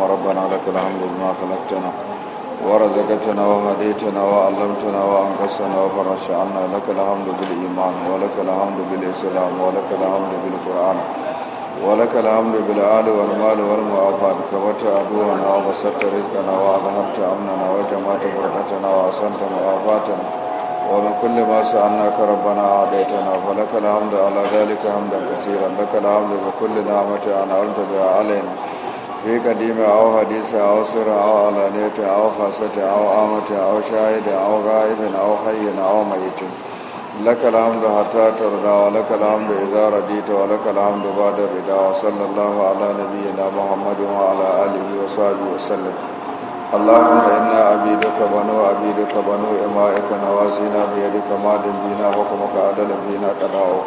اللهم ربنا لك الحمد بما خلقتنا ورزقتنا وهديتنا وعلمتنا وأنقصنا وفرش عنا لك الحمد بالإيمان ولك الحمد بالإسلام ولك الحمد بالقرآن ولك الحمد بالآل والمال والمعافات كبت عدونا وبسطت رزقنا وأظهرت أمننا وجمعت فرحتنا وأحسنت معافاتنا ومن كل ما سألناك ربنا أعطيتنا فلك الحمد على ذلك حمدا كثيرا لك الحمد بكل نعمة أنعمت بها علينا في قديم أو حديث أو سر أو علانية أو خاصة أو آمة أو شاهد أو غائب أو حي أو ميت لك الحمد حتى ترضى ولك الحمد إذا رديت ولك الحمد بعد الرضا وصلى الله على نبينا محمد وعلى آله وصحبه وسلم اللهم إنا عبيدك بنو عبيدك بنو إمائك نواسينا بيدك ماد بنا حكمك عدل بنا قضاؤك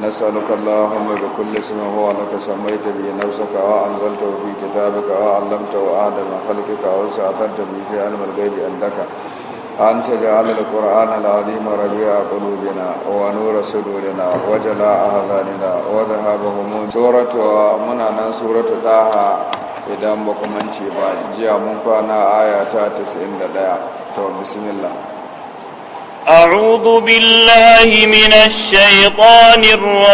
نسألك اللهم بكل اسم هو لك سميت به نفسك وأنزلته في كتابك وعلمته آدم خلقك وسعفت به في علم الغيب عندك أن تجعل القرآن العظيم ربيع قلوبنا ونور صدورنا وجلاء أهلاننا وذهاب هموم سورة منانا سورة طه idan ba ku mance ba jiya mun kwana aya ta 91 to أعوذ بالله من الشيطان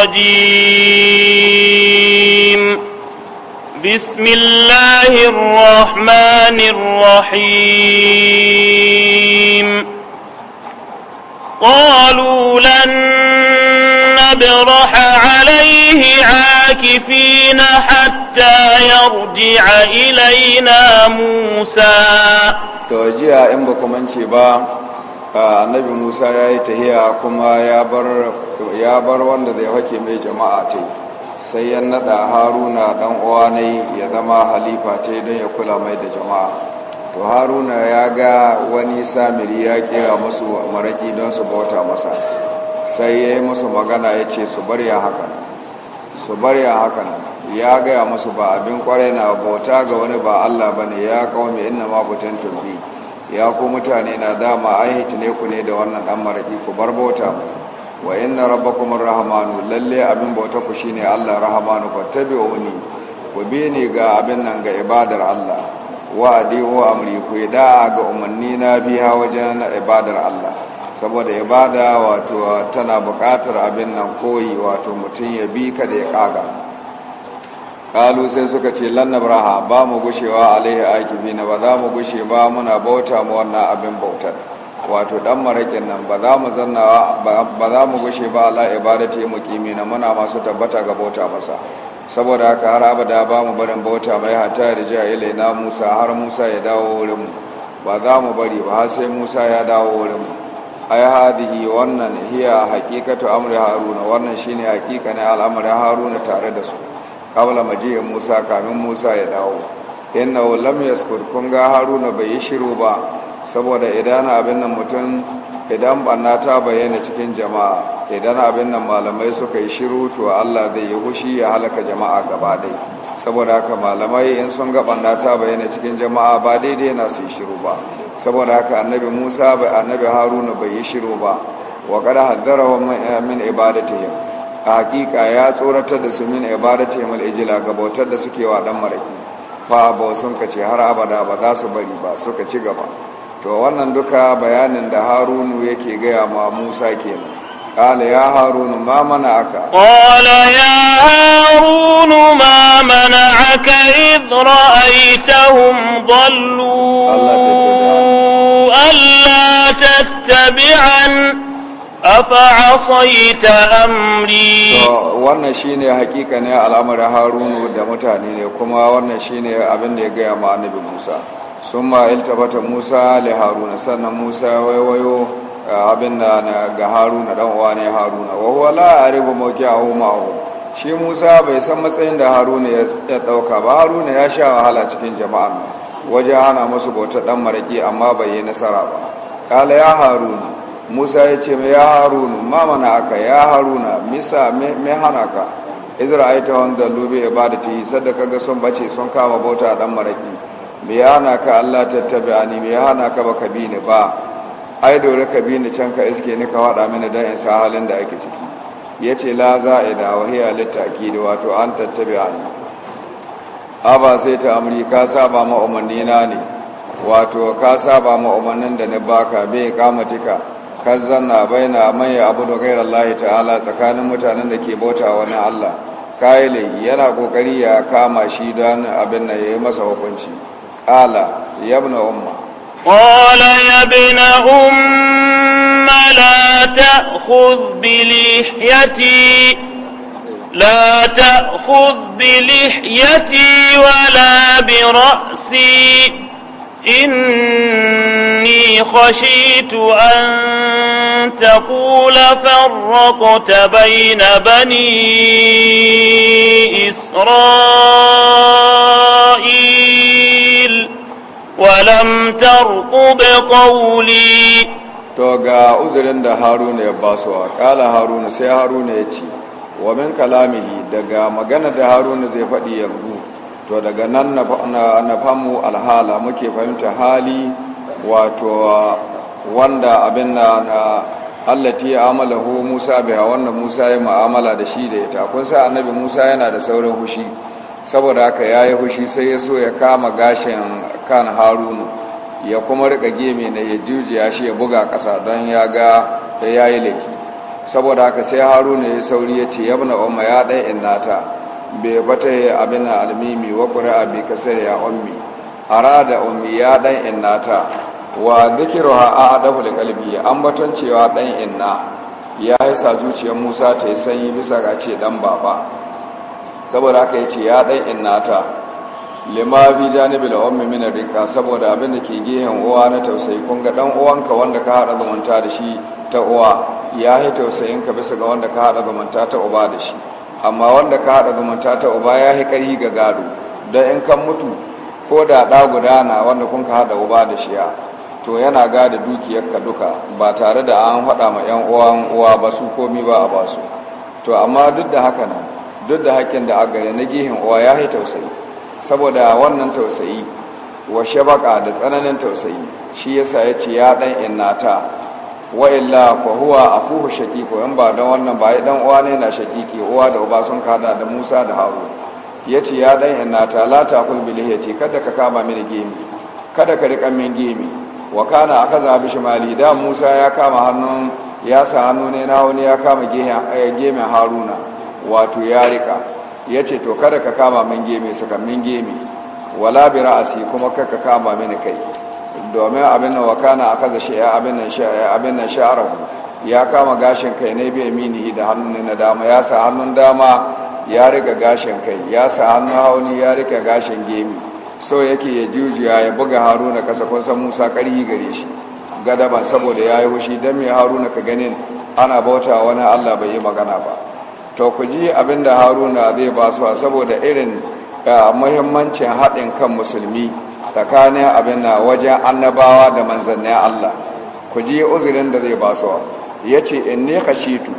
الرجيم بسم الله الرحمن الرحيم قالوا لن نبرح عليه عاكفين حتى يرجع إلينا موسى توجيه jiya in annabi musa ya yi tahiya kuma ya bar wanda zai hake mai jama'a ta sai ya nada haruna dan uwa ne ya zama halifa ta don ya kula mai da jama'a to haruna ya ga wani samiri ya kira musu maraki don su bauta masa sai ya yi musu magana ya ce su bar ya hakan su bar ya hakan ya gaya musu ba abin kwarai na bauta ga wani ba allah ba ne ya kawo mai ina ma fitan tumbi ya ku mutane na dama an hitine ku ne da wannan dan maraki ku bar bauta wa inna rabbakum arrahmanu lalle abin bauta ku shine Allah rahmanu tabi'uni ku bi ni ga abin nan ga ibadar Allah wa wa amri ku da ga umanni na biya wajen ibadar Allah saboda ibada wato tana buƙatar abin nan koyi wato mutum ya bi ka da ya kaga kalu sai suka ce lan braha ba mu gushewa alaihi na ba za mu gushe ba muna bauta mu wannan abin bautar wato dan marakin nan ba za mu zanna ba za mu gushe ba ala ibadati na muna masu tabbata ga bauta masa saboda haka har abada ba mu barin bauta mai hata da jiya ilaina Musa har Musa ya dawo wurin ba za mu bari ba har sai Musa ya dawo wurin ai hadihi wannan hiya haqiqatu amri haruna wannan shine haqiqa ne al'amarin haruna tare da su ji majiyar Musa kamin Musa ya dawo innahu lam yaskur kun ga Haruna bai yi shiru ba saboda idan abin nan mutum idan banna ta bayyana cikin jama'a idan abin nan malamai suka yi shiru to Allah zai yi hushi ya halaka jama'a gaba dai saboda haka malamai in sun ga banna ta bayyana cikin jama'a ba daidai na su yi shiru ba saboda haka annabi Musa bai annabi Haruna bai yi shiru ba wa kada haddara min ibadatihim a hakika ya tsoratar da su min ce mal ijila ga bautar da suke wa dan maraki fa ba sun kace har abada ba za su bari ba suka ci gaba to wannan duka bayanin da harunu yake gaya ma musa kenan قال يا هارون ما منعك قال يا هارون ما منعك إذ رأيتهم ضلوا ألا تتبعن afa amri wannan shine hakika ne al'amarin harunu da mutane ne kuma wannan shine abin da ya gaya ma annabi musa summa iltabata musa li haruna sannan musa waiwayo eh, abin da ga haruna dan uwa ne haruna wa huwa la aribu mawqi'ahu ma'ahu shi musa bai san matsayin da haruna ya dauka ba haruna ya sha wahala cikin jama'a Wajen hana musu bautar dan maraki amma bai yi nasara ba kala ya haruna musa ya ce ya harunu ma mana aka ya haruna misa mai hana ka ta wanda lube ya ta yi, ka ga son bace sun kama bauta a dan maraki me hana ka Allah tattabi'ani me hana ka baka bi ni ba ai dore ka bi ni can ka iske ni ka waɗa mini don in sa halin da ake ciki Ya ce, la za a za'ida wa hiya litakid wato an a ba sai ta amri ka saba ma ne wato ka saba ma umarnin da ni baka bai kamatika kazzanna baina man abudu ghayra Allah ta'ala tsakanin mutanen da ke bauta wani Allah kayle yana kokari ya kama shi don abin nan yayi masa hukunci qala ya ibn umma qala ya ibn umma la ta'khudh bi lihyati لا تأخذ بلحيتي ولا برأسي إني خشيت أن تقول فرقت بين بني إسرائيل ولم ترقب قولي to ga uzurin da haruna ya basu wa ƙala haruna sai haruna ya ce wa min kalamihi daga magana da haruna zai faɗi yanzu to daga nan na famu alhala muke fahimta hali wato wanda abin na ya amala ho musa biya wanda musa ya ma'amala da shi da ita kun sa annabi musa yana da saurin hushi saboda haka yi hushi sai ya so ya kama gashin kan harunu ya kuma rika geme na ya jujiya shi ya buga kasa don ya ga ya yi laifi saboda haka sai Harunu ya sauri ya ce yabna umma ya dai innata bai bata ya abin almimi wa ƙuri'a bai kasar ya ummi arada ummi ya dan innata wa zikiruha a adabu da An ambaton cewa dan inna ya haisa zuciyar musa ta yi sanyi bisa ga ce dan baba saboda aka ya ce ya dan innata lima bi janibi da ummi min rika saboda abin da ke gehen uwa na tausayi kun ga dan uwanka wanda ka hada zumunta da shi ta uwa ya yi tausayin bisa ga wanda ka haɗa zumunta ta uba da shi amma wanda ka haɗa zumunta ta uba ya yi ƙari ga gado don in kan mutu ko da ɗa guda na wanda kun ka haɗa uba da shiya to yana gada dukiyarka duka ba tare da an haɗa ma 'yan uwan uwa ba su komi ba a ba su to amma duk da haka nan duk da haƙƙin da agare na gihin uwa ya yi tausayi saboda wannan tausayi wa shabaka da tsananin tausayi shi yasa ya ce ya ɗan innata wa illa fa huwa akuhu shaqiqu in ba dan wannan ba ai dan uwa ne na shaqiqi uwa da uba sun kada da Musa da Harun yace ya dan inna ta la ta kul bilhiyati kada ka kama mini gemi kada ka rika min gemi wa kana akaza bi shimali da Musa ya kama hannun ya sa hannu ne na wani ya kama eh, gemi Haruna wato ya rika yace to kada ka kama min gemi saka min gemi wala bi ra'asi kuma kaka kama mini kai domin abin nan wakana aka da shi abin nan abin nan sha'arahu ya kama gashin kai ne bai yaminihi da hannun na dama ya sa hannun dama ya rika gashin kai ya sa hannun hauni ya rika gashin gemi so yake ya jujuya ya buga haruna kasa kusan musa karhi gare shi gadaban saboda ya yi hushi don mai haruna ka ganin ana bauta wani allah bai yi magana ba to ku ji abin da haruna zai ba su saboda irin muhimmancin haɗin kan musulmi tsakanin abin na wajen annabawa da manzannin Allah ku ji uzurin da zai ba suwa ya ce in ne kashitu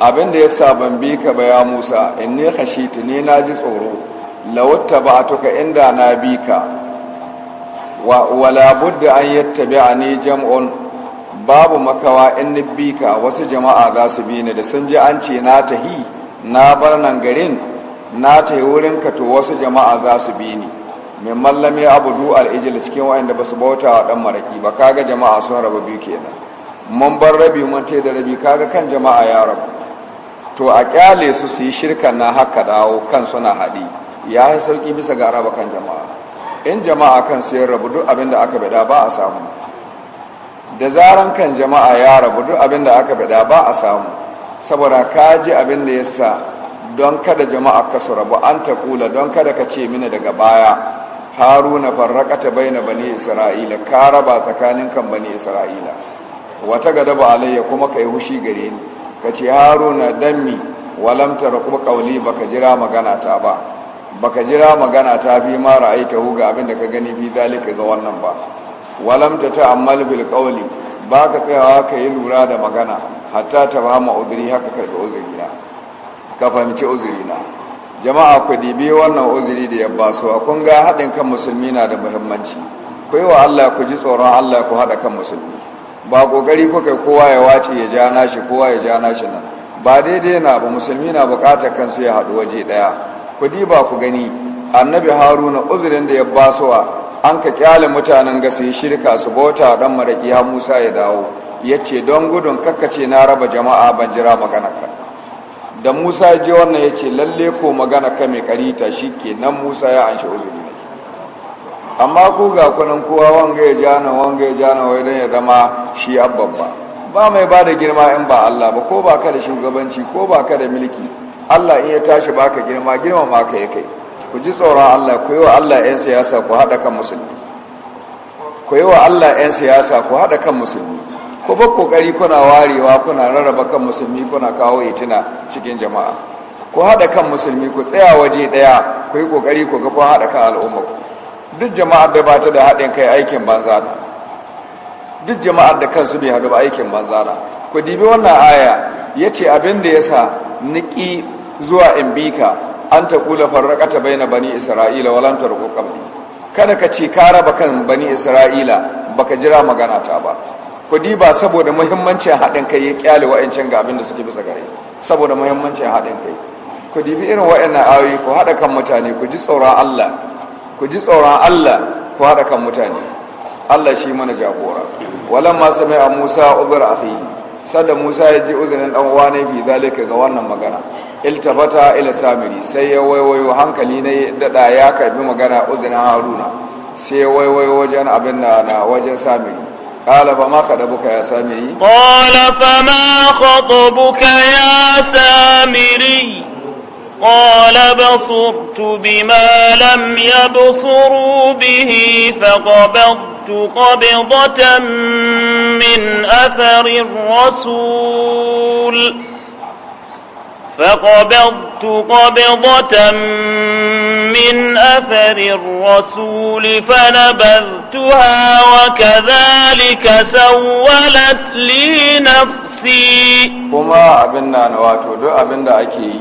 abin da ya sa ban bi ka baya musa in ne kashitu ne na ji tsoro lawatta ba tuka inda na bi ka wala budda an tabi a ne jam'un babu makawa in ni bi ka wasu jama'a za su bi ni da sun ji an ce na tahi na bar nan garin na ta yi ka to wasu jama'a za su bi ni mai abu du al'ijil cikin wa'anda ba su bauta wa ɗan maraƙi ba kaga jama'a sun raba biyu kenan mun bar rabi mun te da rabi kaga kan jama'a ya rabu to a kyale su su yi shirka na haka dawo kan suna haɗi ya yi sauƙi bisa ga raba kan jama'a in jama'a kan su ya rabu duk abin da aka bada ba a samu da zaran kan jama'a ya rabu duk abin da aka bada ba a samu saboda ka ji abin da ya sa don kada jama'a ka rabu an ta kula don kada ka ce mini daga baya haruna farraka ta na bani isra'ila ka raba tsakanin kan bani isra'ila wata gada ba alayya kuma ka yi hushi gare ni ka ce haruna dammi walamtar kuma kauli ba ka jira magana ta ba ba ka jira magana ta fi ma ra'ayi ta huga abin da ka gani fi zalika ga wannan ba walamta ta ammal bil baka ba ka tsayawa ka yi lura da magana hatta ta ba ma haka haka karɓi uzurina ka fahimci uzuri na jama'a ku dibi wannan uzuri da ya basu a kun ga haɗin kan musulmi na da muhimmanci ku yi wa Allah ku ji tsoron Allah ku haɗa kan musulmi ba ƙoƙari ku kowa ya wace ya ja nashi kowa ya ja nashi nan ba daidai na ba musulmi na buƙatar kansu ya haɗu waje ɗaya ku diba ku gani annabi haruna uzurin da ya basuwa an ka kyale mutanen ga su shirka su bauta dan maraki har musa ya dawo ya ce don gudun kakkace na raba jama'a ban jira maganar ka. da musa ji wannan ya ce lalle ko magana ka mai karita shi ke nan musa ya anshi uzuri amma ku ga kunan kowa wanga ya jana wanga ya jana wai don ya zama shi abubba ba mai ba da girma in ba allah ba ko ba ka da shugabanci ko ba ka da milki. allah in ya tashi baka girma girma ma ka ya kai ku ji tsoron allah ku yi wa allah 'yan siyasa ku haɗa kan musulmi ku yi wa allah 'yan siyasa ku haɗa kan musulmi ku ba kokari kuna warewa kuna rarraba kan musulmi kuna kawo itina cikin jama'a ku haɗa kan musulmi ku tsaya waje daya ku yi kokari ku ga kun haɗa kan al'umma duk jama'ar da ba ta da haɗin kai aikin banza na duk jama'ar da kansu bai hadu ba aikin banza na ku dibi wannan aya ya ce abin da ya sa niƙi zuwa in bi ka an ta kula farraƙata bai na bani isra'ila walan ko kabli kada ka ce ka raba kan bani isra'ila baka jira magana ta ba kudi ba saboda muhimmancin haɗin kai ya kyale wa'ancin ga abin da suke bisa gare saboda muhimmancin haɗin kai ku dibi irin wa'annan ayoyi ku haɗa kan mutane ku ji tsoron Allah ku ji tsoron Allah ku haɗa kan mutane Allah shi mana jagora walan ma sami'a Musa ubra akhi sada Musa ya ji uzurin dan uwa ne fi zalika ga wannan magana iltafata ila samiri sai ya waiwayo hankali ne dada ya karbi magana uzurin Haruna sai ya waiwayo wajen abin na wajen samiri قال فما خطبك يا سامري قال فما خطبك يا سامري قال بصرت بما لم يبصروا به فقبضت قبضة من أثر الرسول فقبضت قبضة من أثر الرسول فنبذتها وكذلك سولت لي نفسي كما أبنى نواتو دو أبنى أكي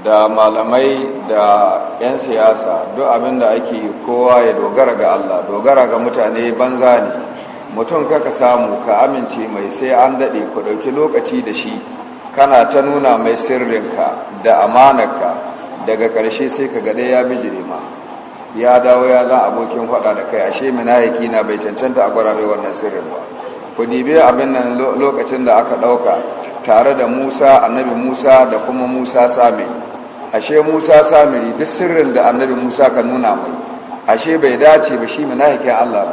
da malamai da 'yan siyasa duk abin da ake yi kowa ya dogara ga Allah dogara ga mutane banza ne mutum kaka samu ka amince mai sai an daɗe ku ɗauki lokaci da shi kana ta nuna mai sirrinka da amanarka daga ƙarshe sai ka ga ya bi ma ya dawo ya za abokin faɗa da kai ashe munafiki na bai cancanta a gwara mai wannan sirrin ba ku dibe abin nan lokacin da aka ɗauka tare da musa annabi musa da kuma musa sami ashe musa sami duk sirrin da annabi musa ka nuna mai ashe bai dace ba shi munafikin allah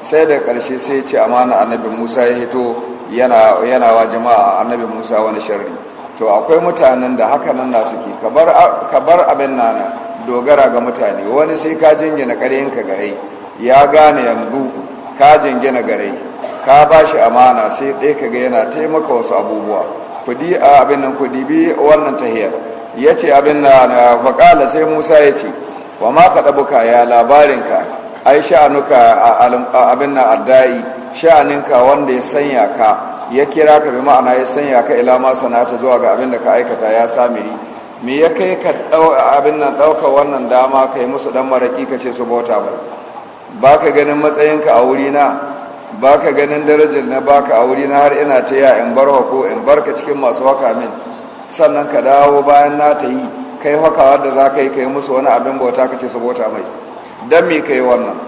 sai da ƙarshe sai ce amana annabi musa ya hito yana wa jama'a annabi musa wani sharri to akwai mutanen da haka nan na suke kabar bar abin nana dogara ga mutane wani sai ka jingina ka gare ya gane yanzu ka jingina gare ka ba shi amana sai ɗaya ka ga yana taimaka wasu abubuwa kudi a abin nan kudi bi wannan tahiyar ya ce abin na faƙala sai musa ya ce wa ma ka ɗabuka ya labarinka ai sha'anuka abin na addai sha'aninka wanda ya sanya ka ya kira ka bi ma'ana ya sanya ka ila ma sana'ata zuwa ga abin da ka aikata ya samiri me ya kai ka abin nan ɗauka wannan dama kai musu dan maraƙi ka ce su bauta mai ba ka ganin matsayinka a wuri na ba ka ganin darajar na ba ka a wuri na har ina ta ya in bar ko in bar cikin masu waka min sannan ka dawo bayan na ta yi kai hakawa da za ka yi ka musu wani abin bauta ka ce su bauta mai don me ka yi wannan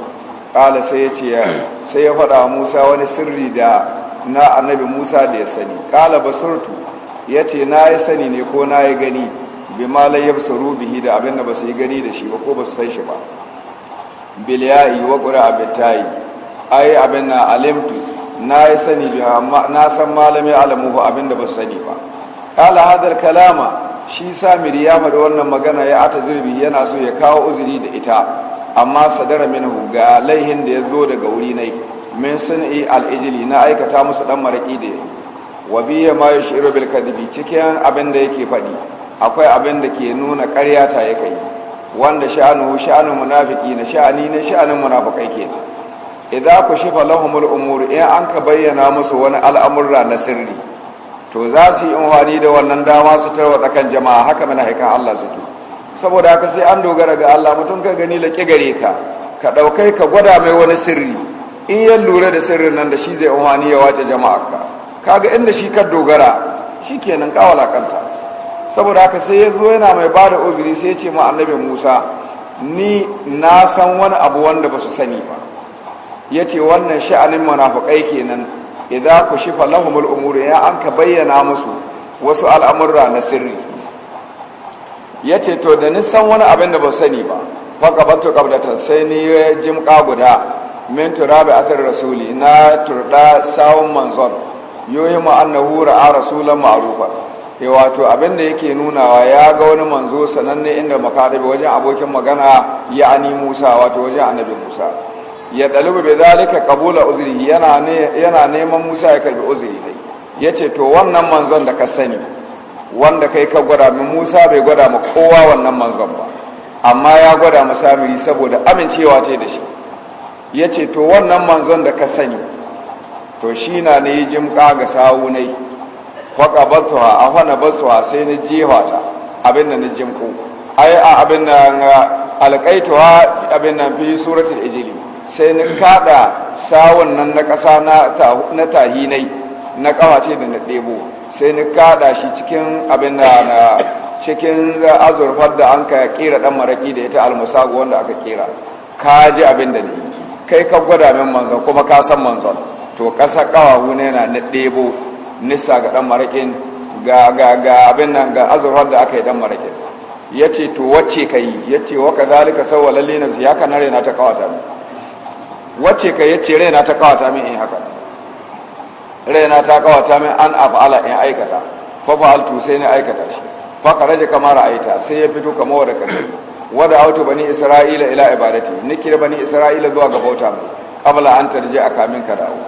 Kala sai ya ce sai ya faɗa musa wani sirri da na annabi musa da ya sani kala basurtu ya ce na yi sani ne ko na yi gani bi malai ya basuru bihi da abinda ba su yi gani da shi ba ko ba su san shi ba biliyayi wa ƙura abin tayi ai abin na alimtu na yi sani amma na san malami alamu ba abin da ba su sani ba kala hadar kalama shi samiri ya da wannan magana ya ata zirbi yana so ya kawo uzuri da ita amma sadara mini ga laihin da ya zo daga wuri nai min sun'i al-ijli na aikata musu dan maraki da yi wa biya ma yushiru bil kadibi cikin abin da yake faɗi akwai abin da ke nuna ƙarya ta yake yi wanda sha'anu sha'anu munafiki na sha'ani ne sha'anin munafikai ku idza lahum al umur in an ka bayyana musu wani al'amurra na sirri to za su yi amfani da wannan dama su tarwa kan jama'a haka mana haikan Allah suke saboda haka sai an dogara ga Allah mutum ka gani laƙi gare ka ka ɗaukai ka gwada mai wani sirri in ya lura da sirrin nan da shi zai umarni ya wace jama'a ka kaga inda shi ka dogara shi kenan ka walakanta saboda haka sai ya zo yana mai ba da uzuri sai ya ce ma annabi musa ni na san wani abu wanda ba su sani ba ya ce wannan sha'anin munafukai kenan idan ku shifa lahumul umuri ya an ka bayyana musu wasu al'amurra na sirri ya ce to da nisan wani abin da ba sani ba faka bantu sai ni ya jimka guda min turabi athar rasuli na turda sawun manzon yoyi ma annahu ra'a rasulan ma'rufa e wato abin da yake nunawa ya ga wani manzo sananne inda makaribi wajen abokin magana ya ani Musa wato wajen annabi Musa ya dalibu bai zalika kabula uzuri yana neman Musa ya karbi uzuri dai. ya ce to wannan manzon da ka sani wanda kai ka gwada min Musa bai gwada mu kowa wannan manzon ba amma ya gwada mu samiri saboda amincewa ce da shi ya ce to wannan manzon da ka sani to shi na ne yi jimka ga sawunai faƙa batuwa a hana batuwa sai na jewa ta abin da na jimko ai a abin da alƙaituwa abin da fi suratul ijili sai na kada sawun nan na ƙasa na tahinai na ƙawace da na ɗebo sai ni kada shi cikin abin da na cikin azurfar da an ka kera dan maraki da ita almusago wanda aka kera ka ji abin da ni kai ka gwada min manzon kuma ka san manzon to ƙasa ƙawawu ne na na ɗebo nisa ga ɗan maraƙin ga abin nan ga azurwar da aka yi ɗan maraƙin ya ce to wacce ka yi ya ce waka zalika sauwa lalle na ya ka na raina ta kawata min wacce ka ya ce raina ta kawata min in haka raina ta kawata min an af'ala in aikata fa fa'altu sai ni aikata shi fa karaja kamar aita sai ya fito kamar da kake wada auto bani isra'ila ila ibadati nikir bani isra'ila zuwa ga bauta mai qabla an tarje a min ka dawo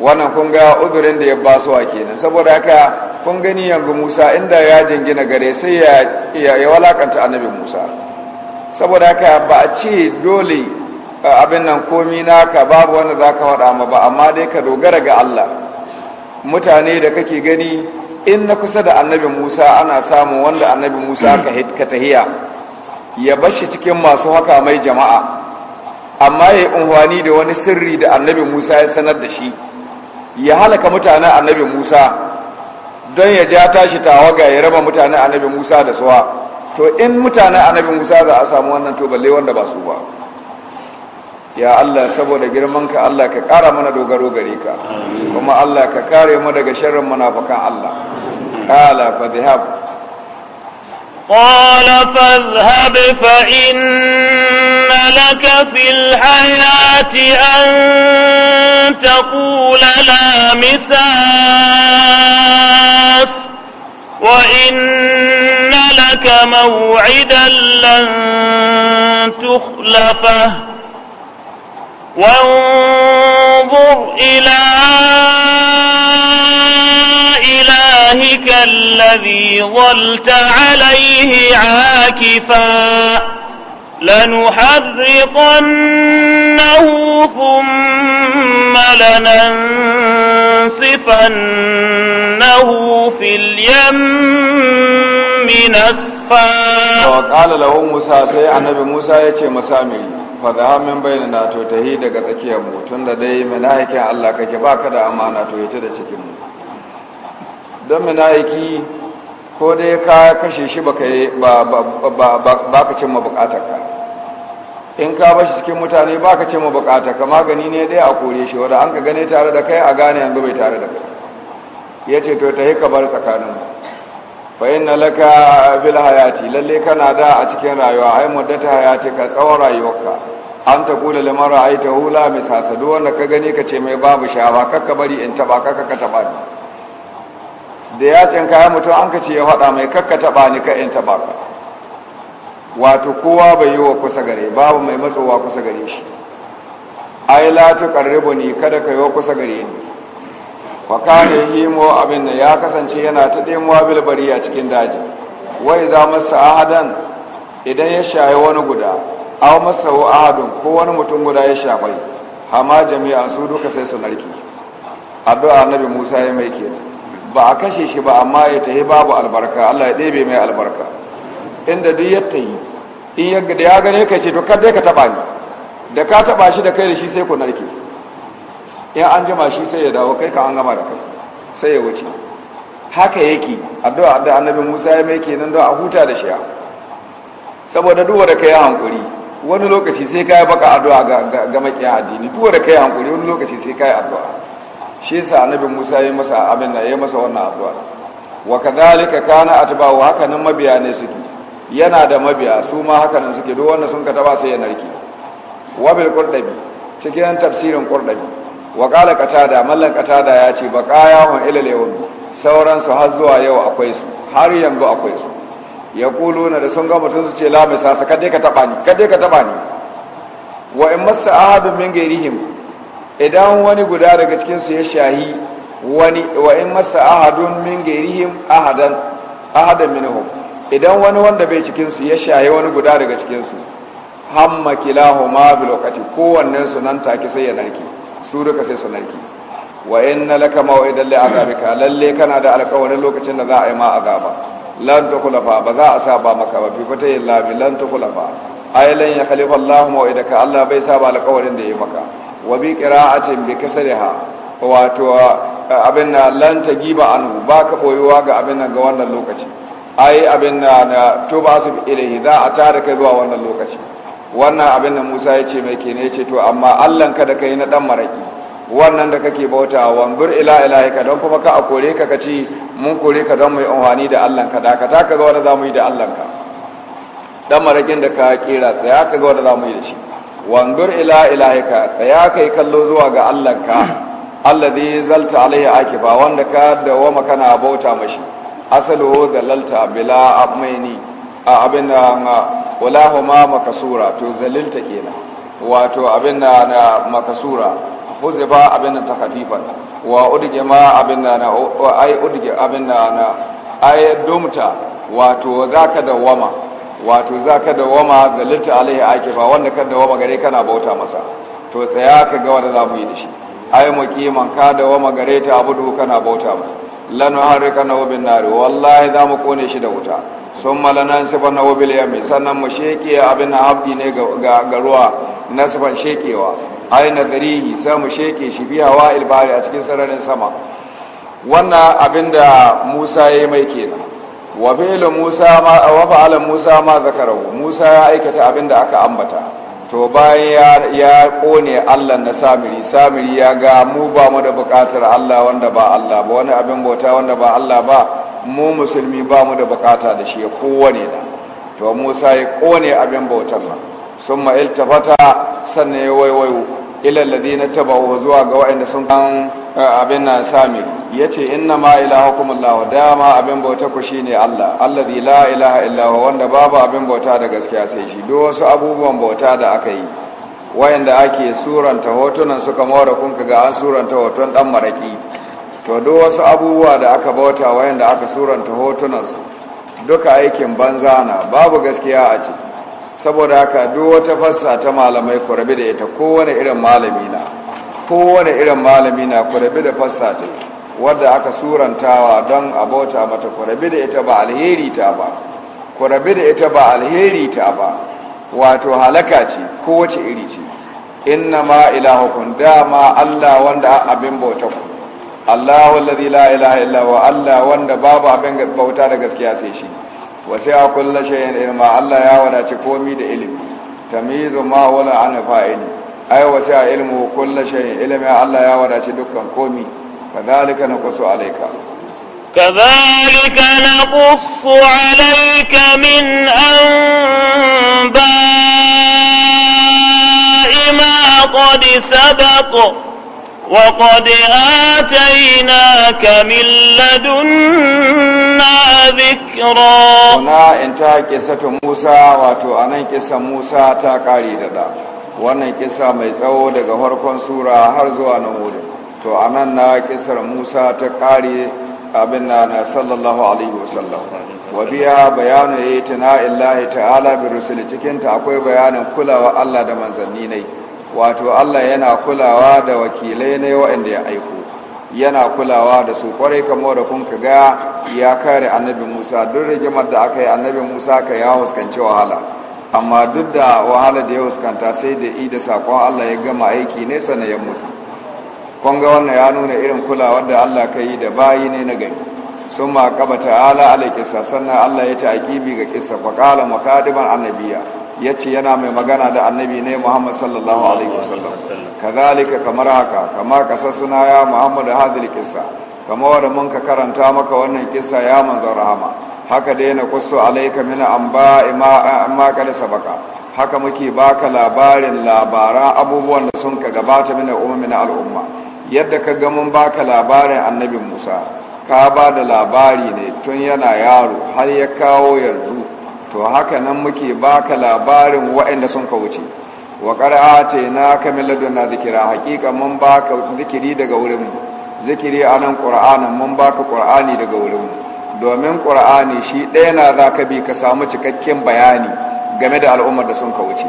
wannan kun ga udurin da ya ba su kenan saboda haka kun gani yanzu Musa inda ya jingina gare sai ya ya walakanta annabi Musa saboda haka ba a ce dole abin nan komi naka babu wanda zaka wada ma ba amma dai ka dogara ga Allah mutane da kake gani in na kusa da annabi Musa ana samun wanda annabi Musa ka tahiya ya bashi cikin masu haka mai jama'a amma ya unhwani da wani sirri da annabi musa ya sanar da shi ya halaka mutane annabi musa don ya ja tashi tawaga ya raba mutane annabi musa da suwa to in mutane annabi musa za a samu wannan to balle wanda ba su ba ya allah saboda girmanka allah ka kara mana dogaro gare ka kuma allah ka kare mu daga sharrin munafikan allah ala fadhhab قال فاذهب فإن لك في الحياة أن تقول لا مساس وإن لك موعدا لن تخلفه وانظر إلى إلهك الذي ظلت عليه عاكفا لنحرقنه ثم لننصفنه في اليم نسفا وقال له موسى musa النبي موسى يتي مسامي fada min na to tahi daga tsakiyar mu tunda dai mala'ikin Allah kake baka da amana to yace da cikin mu don aiki, ko dai ka kashe shi ba ka cimma in ka bashi cikin mutane ba ka cimma magani ne ɗaya a kore shi wadda an ka gane tare da kai a gane yanzu bai tare da kai ya ce to ta hika bar tsakanin fa'in na laka fil hayati lalle kana da a cikin rayuwa ai muddata hayati ka tsawon rayuwarka an ta kula lamar ra'ayi ta hula mai sasa ka gani ka ce mai babu shawa kakka bari in taba kakka ka taba ni da ya kayan mutum an kace ya faɗa mai kakka taɓa ni ka in taɓa ka wato kowa bai yi wa kusa gare babu mai matsowa kusa gare shi ai la tuqarribu ni kada ka yi wa kusa gare ni wa kana himo abin da ya kasance yana ta demuwa bilbari a cikin daji za mu masa ahadan idan ya shaye wani guda aw masa ahadun ko wani mutum guda ya shafai amma jami'a su duka sai su narki addu'a annabi Musa ya mai kenan ba a kashe shi ba amma ya tahi babu albarka Allah ya ɗebe mai albarka inda duk ya tahi in ya gada ya gane ka ce to kada ka taba ni da ka taba shi da kai da shi sai ku narke in an jima shi sai ya dawo kai ka an gama da kai sai ya wuce haka yake addu'a da annabi Musa ya mai kenan don a huta da shi saboda duwa da kai hankuri wani lokaci sai kai baka addu'a ga ga makiya addini duwa da kai hankuri wani lokaci sai kai addu'a shi sa annabi Musa ya masa abin nan ya masa wannan addu'a wa kadhalika kana atba'u haka nan mabiya ne suke yana da mabiya su ma haka nan suke duk wanda sun ka taba sai ya narki wa bil qurdabi cikin tafsirin qurdabi wa qala qatada mallan qatada ya ce baqayahum ila lewun sauran su har zuwa yau akwai su har yanzu akwai su ya kuluna da sun ga mutun su ce la mai sasa kadai ka taba ni kadai ka taba ni wa in masa ahadun min gairihim idan wani guda daga cikinsu ya shahi wani wa in masa ahadun min gairihim ahadan ahadan minhum idan wani wanda bai cikinsu ya shahi wani guda daga cikinsu hamma kilahu ma bil lokaci. kowannen su nan take sai ya narki su duka sai su narki wa inna laka maw'idan li azabika lalle kana da alƙawarin lokacin da za a yi ma azaba lan tukulafa ba za a saba maka ba fi fata illa bi lan tukulafa ay lan yakhlifa Allah maw'idaka Allah bai saba alƙawarin da ya maka wa bi qira'atin bi kasriha wato abin na lan giba an ba ka boyuwa ga abin nan ga wannan lokaci ai abin na na ba su ilahi za a tare kai zuwa wannan lokaci wannan abin nan Musa ya ce mai kene ce to amma Allah ka da kai na dan maraki wannan da kake bauta wanzur ila ka, don kuma ka a kore ka kace mun kore ka don mai amfani da Allah ka da ka ga wanda zamu yi da Allah ka dan marakin da ka kira tsaya ka ga wanda zamu yi da shi wanzur ila ilahika tsaya kai kallo zuwa ga allahnka allazi zalta alaihi akifa wanda ka dawama kana bauta mashi da dalalta bila abmaini a abin da wala huma makasura to zalilta kenan wato abin da na makasura ba abin da ta khafifa wa udige ma abin da na ai udige abin da na ai dumta wato zaka dawama wato za ka dawama ga litta alaihi akifa wanda ka wama gare kana bauta masa to tsaya ka ga wanda za mu yi da shi ai mu kiman ka da gare ta abudu kana bauta ba lanu harika na wabin nari wallahi za mu kone shi da wuta sun malana sifan na wabil yami sannan mu sheke abin abdi ne ga ruwa na sifan shekewa ai na zarihi sai mu sheke shi biya wa ilbari a cikin sararin sama wannan abinda musa ya yi mai kenan wa fi'lu musa ma wa fa'ala musa ma zakarahu musa ya aikata abinda aka ambata to bayan ya kone Allah na samiri samiri ya ga mu ba mu da bukatar Allah wanda ba Allah ba wani abin bauta wanda ba Allah ba mu musulmi ba mu da bukata da shi kowane da to musa ya kone abin bautar nan sun tafata, sannan ya waiwayo ilalladina tabahu zuwa ga waɗanda sun kan abin na sami ya ce inna ma ilaha kumallah dama abin bauta ku shi ne Allah allazi la ilaha wanda babu abin bauta da gaskiya sai shi do wasu abubuwan bauta da aka yi wayanda ake suranta hotunan suka mora kun ga an suranta hoton dan maraki to do wasu abubuwa da aka bauta wayanda aka suranta hotunan su duka aikin banza na babu gaskiya a ciki saboda haka duk wata fassa ta malamai ku rabi da ita kowane irin malami na kowane irin malami na kurabi da fassa ta wadda aka surantawa don abota mata kurabi da ita ba alheri ta ba kurabi da ita ba alheri ta ba wato halaka ce kowace iri ce inna ma ilahukun dama allah wanda abin bauta ku allahu alladhi la ilaha illa wa allah wanda babu abin bauta da gaskiya sai shi wa sai a kulla shay'in ilma allah ya wadace komi da ilimi tamizu ma wala ana fa'ili ai wasi a ilmu kullu shay ilmi Allah ya wadace dukkan komi na naqsu alayka kadhalika naqsu alayka min anba ma qad sabaqa وقد آتيناك من لدنا ذكرا هنا انتهى قصة موسى واتو أنا قصة موسى تاكاري ددا wannan kisa mai tsawo daga farkon sura har zuwa nan hudu, to a nan na kisar musa ta kare abin na na sallallahu alaihi wasallam wa biya bayanu ya yi tana illahi ta'ala bi rusuli cikinta akwai bayanin kulawa allah da manzanni ne wato allah yana kulawa da wakilai ne waɗanda ya aiko yana kulawa da su kwarai kamar da kun ga ya kare annabi musa duk rigimar da aka yi annabi musa ka ya huskanci wahala amma duk da wahala da ya fuskanta sai da i da sakon Allah ya gama aiki ne sana ya mutu kun ga wannan ya nuna irin kulawar da Allah ka yi da bayi ne na gari sun ma kaba ta'ala ala kisa sannan Allah ya ta'akibi ga kisa fa qala mukhadiban annabiya ce yana mai magana da annabi ne Muhammad sallallahu alaihi wasallam kazalika kamar haka kama kasasuna ya Muhammad hadil kisa kama wanda mun ka karanta maka wannan kisa ya manzo rahama haka dai na kusa alaika min ba ma kada sabaka haka muke baka labarin labaran abubuwan da sun ka gabata mina al'umma na al'umma yadda ka ga mun baka labarin annabi Musa ka ba da labari ne tun yana yaro har ya kawo yanzu to haka nan muke baka labarin waɗanda sun ka wuce wa qara'ata na kamiladun na zikira hakika mun baka zikiri daga wurin zikiri a nan qur'anin mun baka ƙur'ani daga wurin domin ƙur'ani shi ɗaya na za ka bi ka samu cikakken bayani game da al'ummar da sun kauce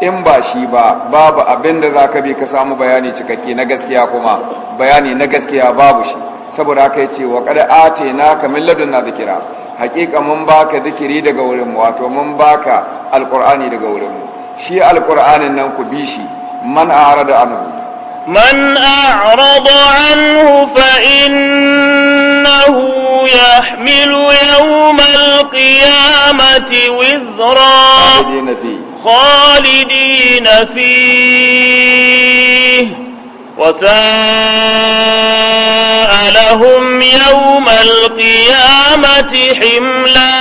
in ba shi ba babu abin da za ka bi ka samu bayani cikakke na gaskiya kuma bayani na gaskiya babu shi saboda haka ya ce wa kada ate na kamin ladun na zikira hakika mun baka zikiri daga wurinmu wato mun baka alƙur'ani daga wurinmu shi alƙur'anin nan ku bi shi man a da anu من أعرض عنه فإنه يحمل يوم القيامة وزرا خالدين فيه وساء لهم يوم القيامة حملا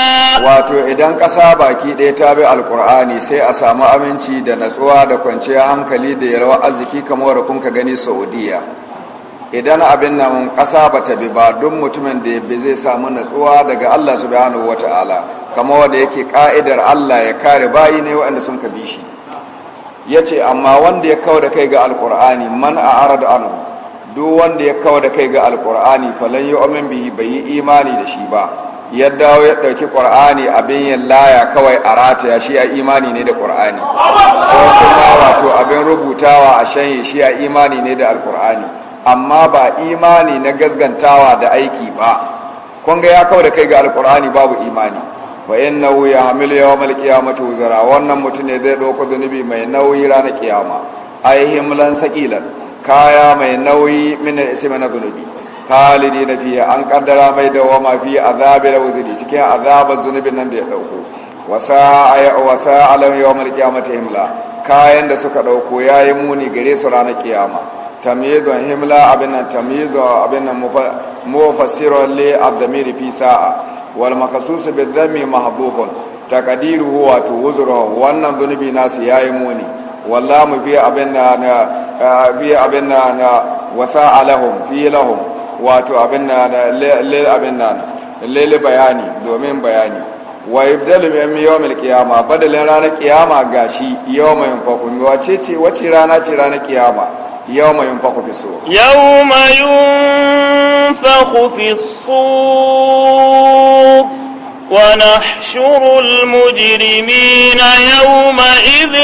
wato idan ƙasa baki ɗaya ta bi alkur'ani sai a samu aminci da natsuwa da kwanciyar hankali da yalwa arziki kamar kun ka gani saudiya idan abin nan ƙasa ba ta bi ba duk mutumin da bi zai samu natsuwa daga allah subhanahu ta'ala kamar wanda yake ka'idar allah ya kare bayi ne waɗanda sun ka bi shi ya ce amma wanda ya kawo da kai ga alkur'ani man a ara da anu duk wanda ya kawo da kai ga alkur'ani falon yi omen bihi bai yi imani da shi ba ya dawo ya ɗauki ƙur'ani abin yin laya kawai a rataya shi a imani ne da ƙur'ani ko kuma wato abin rubutawa a shanye shi a imani ne da alkur'ani amma ba imani na gazgantawa da aiki ba kun ya kawo da kai ga alkur'ani babu imani fa innahu ya'mil yawmal qiyamati wuzra wannan mutum ne zai dauko zunubi mai nauyi ranar kiyama ai himlan saqilan kaya mai nauyi min ismi na zanubi khalidi na fiye an kaddara mai dawama fi azabi da wuzuri cikin azabar zunubin nan da ya dauko wasa alam al qiyamati himla kayan da suka dauko yayi muni gare su ranar kiyama tamyizun himla abin nan tamyizun abin nan mufassirun li abdamiri fi sa'a wal makasusu bi dhammi mahbubun taqdiruhu wa tuzuru wannan zunubi nasu yayi muni wallahu fi abin nan fi abin nan wasa alahum fi lahum wato abin nan lil abin nan lil bayani domin bayani wa ibdalu min yawmil qiyama badalin ranar qiyama gashi yawmin fakun wace ce wace rana ce ranar qiyama يوم ينفخ في الصور يوم ينفخ في الصور ونحشر المجرمين يومئذ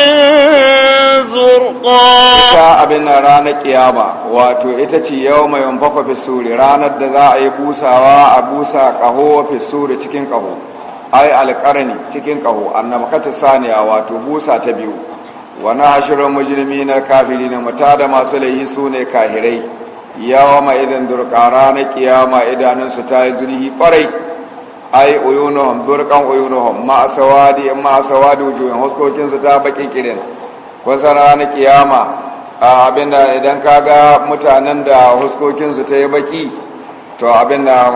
zurqa ita abin nan ranar kiyama wato ita ce yau mai yamfafa fisuri ranar da za a yi busawa a busa kaho fisuri cikin kaho ai alƙarni cikin kaho annabkata saniya wato busa ta biyu wa kafiri na mata da masu laihi sune kahirai yawa ma idan durqara na kiyama idanunsu ta yi zurihi kwarai ai oyunohun durkan oyunohun ma wadi in asawadi wadi huskokin su ta bakin kirin kusa san ranar kiyama abinda idan ka ga mutanen da huskokin ta yi baki to abinda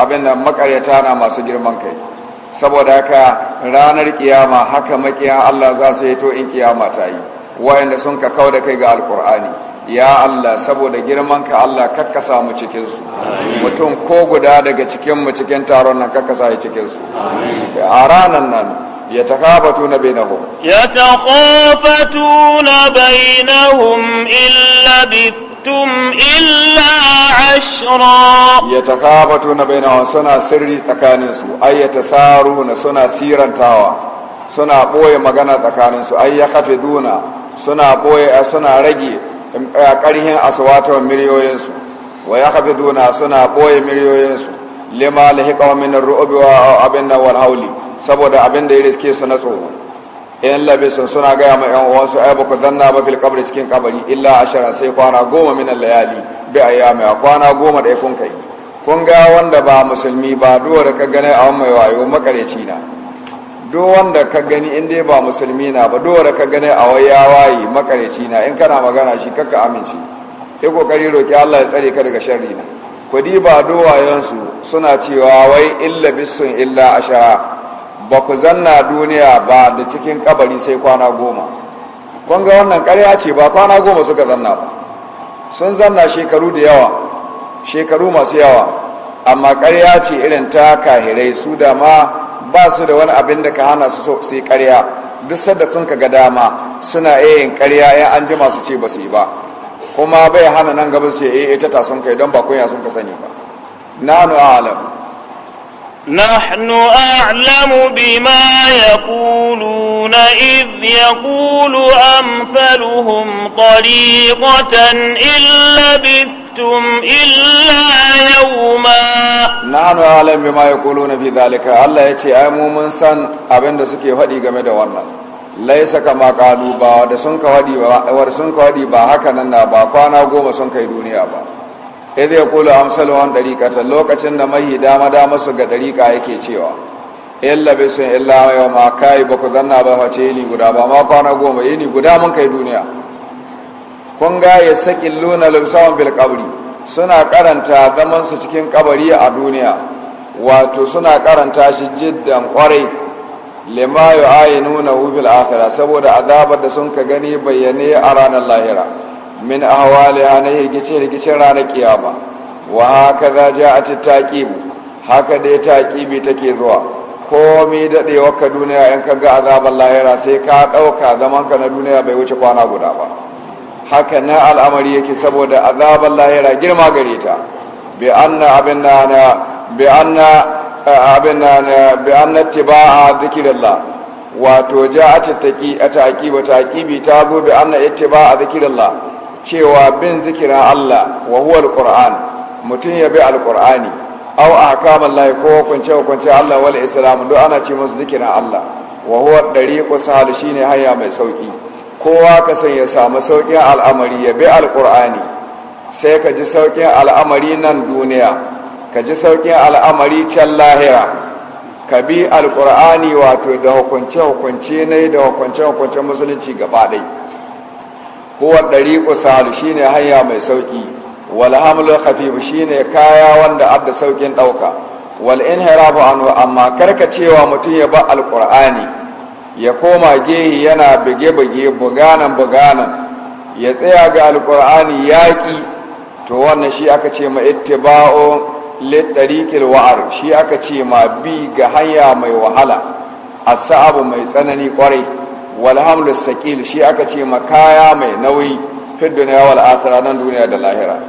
abinda makaryata na masu girman kai saboda haka ranar kiyama haka makiya Allah za su yi to in kiyama ta yi wayanda sun ka kawo da kai ga alkur'ani ya Allah saboda girman ka Allah kakka samu cikin su mutum ko guda daga cikin mu cikin taron nan kakka sa cikin su a ranan nan ya na يتخافتون بينهم na بينهم إن لبثتم أنتم إلا عشرا يتخافتون بينهم سنة سري سكانسو أي يتسارون suna سيرا تاوى سنة بوي مغانا تكانسو أي يخفدون سنة بوي سنة رجي ƙarhin aswatan miliyoyinsu wa ya hafi duna suna ɓoye miliyoyinsu lima lahiƙa wa minar ru'ubi wa abin nan wal hauli saboda abin da ya riske su na tsoro in Labisan suna gaya ma yan uwansu ai baku danna ba fil kabri cikin kabari illa ashara sai kwana goma min layali bi ayami kwana goma da kun kai kun ga wanda ba musulmi ba duwa da ka gane a mai wayo makareci na do wanda ka gani in dai ba musulmi na ba duwa da ka gane a waya wayi makareci na in kana magana shi kakka amince sai kokari roki Allah ya tsare ka daga sharri na kudi ba duwayensu suna cewa wai illa bisun illa ashara ba ku zanna duniya ba da cikin kabari sai kwana goma kun wannan ƙarya ce ba kwana goma suka zanna ba sun zanna shekaru da yawa shekaru masu yawa amma karya ce irin ta kahirai su da ma ba su da wani abin da ka hana su sai karya duk sadda sun ka ga dama suna iya yin ƙarya ya an jima su ce ba su yi ba kuma bai hana nan gaba su ce eh ita ta sun kai don ba kunya sun ka sani ba nanu alam نحن أعلم بما يقولون إذ يقول أمثلهم طريقة إن لبثتم إلا يوما نحن أعلم بما يقولون في ذلك الله يتي أمو من سن أبن دسكي هدي قمد ورنا laisa kama kalu ba da sun ka wadi ba haka nan na ba kwana goma sun kai duniya ba idh yaqulu amsalu an dariqata lokacin da mai dama dama su ga dariqa yake cewa illa bisun illa yawma kai ba ku zanna ba hace ni guda ba ma kwana goma yini guda mun kai duniya kun ga ya saqilluna lumsawan bil qabri suna karanta zaman su cikin kabari a duniya wato suna karanta shi jiddan kwarai lima yu'ayinuna bil akhirah saboda azabar da sun ka gani bayyane a ranar lahira min ahwaliha na hirgice hirgicen ranar kiyama wa haka za ja a ci taƙibu haka dai taƙibi take zuwa komi daɗewa ka duniya in ka ga azabar lahira sai ka ɗauka zamanka na duniya bai wuce kwana guda ba haka na al'amari yake saboda azabar lahira girma gare ta bi anna abin na bi abin na bi anna a zikirillah wato ja a taƙi a taƙibi ta zo bi anna ittiba'a zikirillah cewa bin zikira Allah wa huwa alquran mutum ya bi alqurani aw ahkamal lahi ko hukunce hukunce Allah wal islam duk ana ce musu zikirin Allah wa huwa dariqu sahal shine hanya mai sauki kowa ka san ya samu saukin al'amari yabi bi alqurani sai ka ji saukin al'amari nan duniya ka ji saukin al'amari can lahira ka bi alqurani wato da hukunce hukunce ne da hukunce hukunce musulunci gaba ɗaya huwa dariqu shi ne hanya mai sauƙi, wal hamlu shi ne kaya wanda adda sauƙin ɗauka, wal inhirafu anhu amma cewa mutum ya ba Alƙur'ani ya koma gehi yana buge-buge buganan buganan ya tsaya ga Alƙur'ani yaƙi. to wannan shi aka ce ma ittiba'u lid dariqil wa'ar shi aka ce ma bi ga hanya mai wahala a saabu mai tsanani ƙwarai. wal Sakil, shi aka ce makaya mai nauyi fi duniya wal akhirah nan duniya da lahira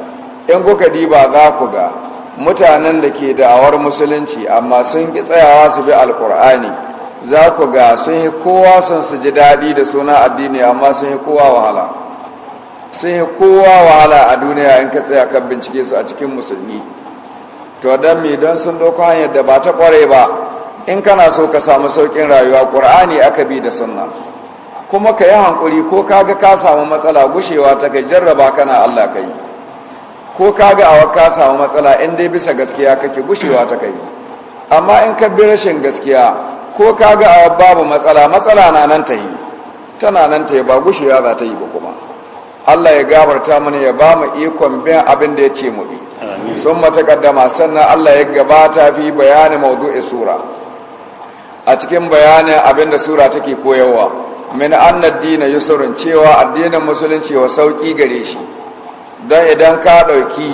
in kuka diba za ku ga mutanen da ke da'awar musulunci amma sun ki tsayawa su bi alqur'ani za ku ga sun yi kowa sun su ji daɗi da suna addini amma sun yi kowa wahala sun yi kowa wahala a duniya in ka tsaya kan bincike su a cikin musulmi to don me don sun ɗauko hanyar da ba ta kware ba in kana so ka samu saukin rayuwa ƙur'ani aka bi da sunna kuma ka yi hankuri ko kaga ka samu matsala gushewa ta kai jarraba kana Allah kai ko kaga awa ka samu matsala in dai bisa gaskiya kake gushewa ta kai amma in ka bi rashin gaskiya ko kaga awa babu matsala matsala na nan ta yi tana nan ta yi ba gushewa za ta yi ba kuma Allah ya gabarta mana ya ba mu ikon bin abin da ya ce mu bi sun mataƙaddama sannan Allah ya gabata fi bayanin maudu'i sura a cikin bayanin abinda sura take koyarwa min annad din yusrun cewa addinin musulunci wa sauki gare shi don idan ka dauki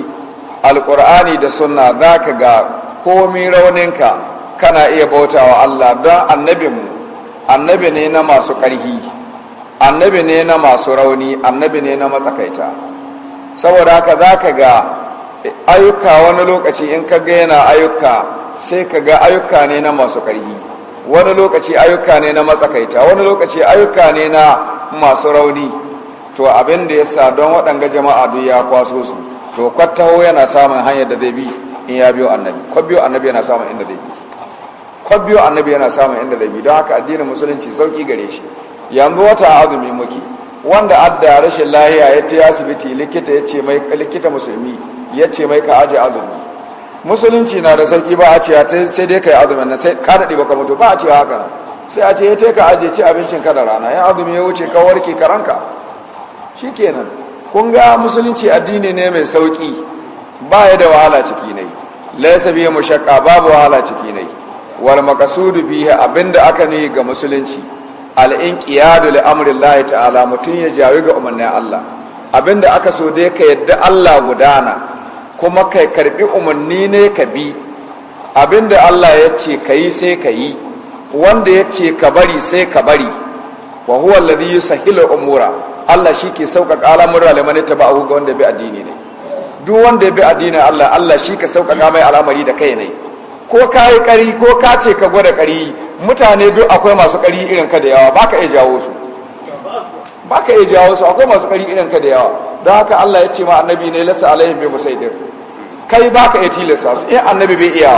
alqur'ani da sunna zaka ga komai rauninka kana iya bautawa Allah don annabinmu annabi ne na masu karhi annabi ne na masu rauni annabi ne na matsakaita saboda haka zaka ga ayyuka wani lokaci in ka ga yana ayyuka sai ka ga ayyuka ne na masu karhi wani lokaci ayyuka ne na matsakaita wani lokaci ayyuka ne na masu rauni to abin da ya sa don waɗanga jama'a duk ya kwaso su to kwattaho yana samun hanyar da zai bi in ya biyo annabi kwabiyo annabi yana samun inda zai bi kwabiyo annabi yana samun inda zai bi don haka addinin musulunci sauki gare shi yanzu wata azumi muke wanda adda rashin lahiya ya ta asibiti likita ya ce mai likita musulmi ya ce mai ka aje azumi musulunci na da sauki ba a ce sai dai kai azumin nan sai ka daɗe baka mutu ba a ce haka sai a ce ya teka aje ci abincin ka da rana yan azumi ya wuce kawar ki karanka Shi kenan. kun ga musulunci addini ne mai sauki ba ya da wahala ciki ne mu biya mushaqqa babu wahala ciki ne wal maqsudu bihi abinda aka ne ga musulunci al inqiyadu li amri Allah ta'ala mutun ya jawi ga umarnin Allah abinda aka so dai ka yadda Allah gudana kuma ka karbi umarni ne ka bi abinda Allah ya ce ka yi sai ka yi wanda ya ce ka bari sai ka bari wa huwa alladhi yusahhilu umura Allah shi ke sauƙaƙa al'amura liman abu ga wanda bi addini ne duk wanda ya bi addinin Allah Allah shi ka sauƙaƙa mai al'amari da kai ne ko ka yi ƙari ko ka ce ka gwada ƙari mutane duk akwai masu ƙari irin ka da yawa ba ka iya jawo su ba ka iya jawo su akwai masu ƙari irin ka da yawa don haka Allah ya ce ma annabi ne lasa alaihi bi musaidir kai baka iya tilasta su in annabi bai iya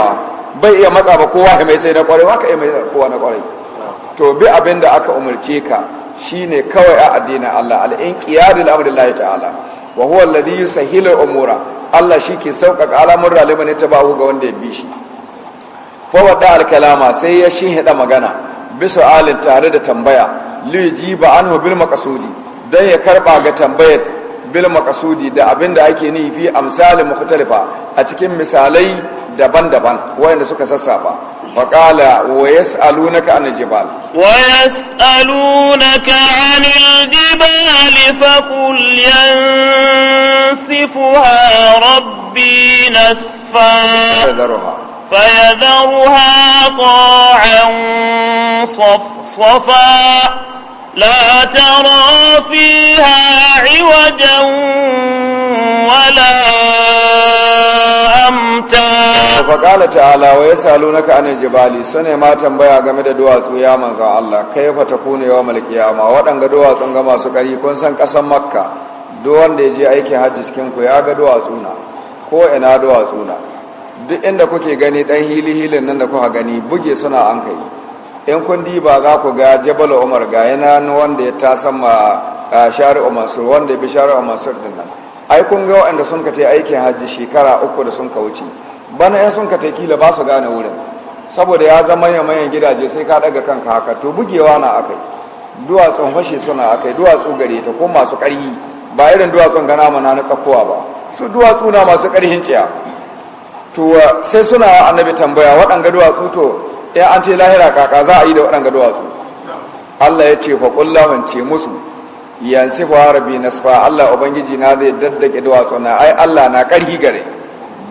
bai iya matsa ba kowa ya mai sai na kwarai ka iya mai kowa na kwarai to bi abin da aka umarce ka shine kawai a addinin Allah al-inqiyad lil da Allah ta'ala wa huwa alladhi yusahhilu umura Allah shi ke sauƙaƙa al'amurra ta bahu ga wanda ya bi shi wa wadda al-kalama sai ya shi hada magana bisa alin tare da tambaya liji ba an bil makasudi don ya karɓa ga tambayar bil maqsudi da abinda ake nufi fi amsalin mukhtalifa a cikin misalai daban-daban wayanda suka sassafa fa qala wa yas'alunaka anil jibal wa yas'alunaka anil jibal fa qul yansifuha rabbi nasfa فيذرها قاعا صفصفا لا ترى فيها عوجا ولا أمتا فقال تعالى ويسألونك عن الجبال سنة ما تنبيا game da duwatsu ya manzo Allah kaifa takunu yawmal qiyama wadanga duwatsun ga masu kari kun san kasan makka duk wanda ya je aikin hajji cikin ku ya ga duwatsu na ko ina duwatsu na duk inda kuke gani ɗan hili hilin nan da kuka gani buge suna an in kundi ba za ku ga jabal umar ga yana wanda ya tasan ma shari'a mansur wanda ya bi shari'a a din nan ai kun ga waɗanda sun ka ta aikin hajji shekara uku da sun ka wuce bana yan sun ka kila ba su gane wurin saboda ya zama manyan gidaje sai ka daga kanka haka to bugewa na akai duwatsun fashe suna akai duwatsu gare ta ko masu ƙarfi ba irin duwatsun gana mana na tsakowa ba su duwatsu na masu ƙarfin ciya to sai suna annabi tambaya waɗanga duwatsu to ya an ce lahira kaka za a yi da waɗanga duwatsu Allah ya ce fa kullahun ce musu yansi fa na sufa Allah ubangiji na zai daddake duwatsu na ai Allah na karhi gare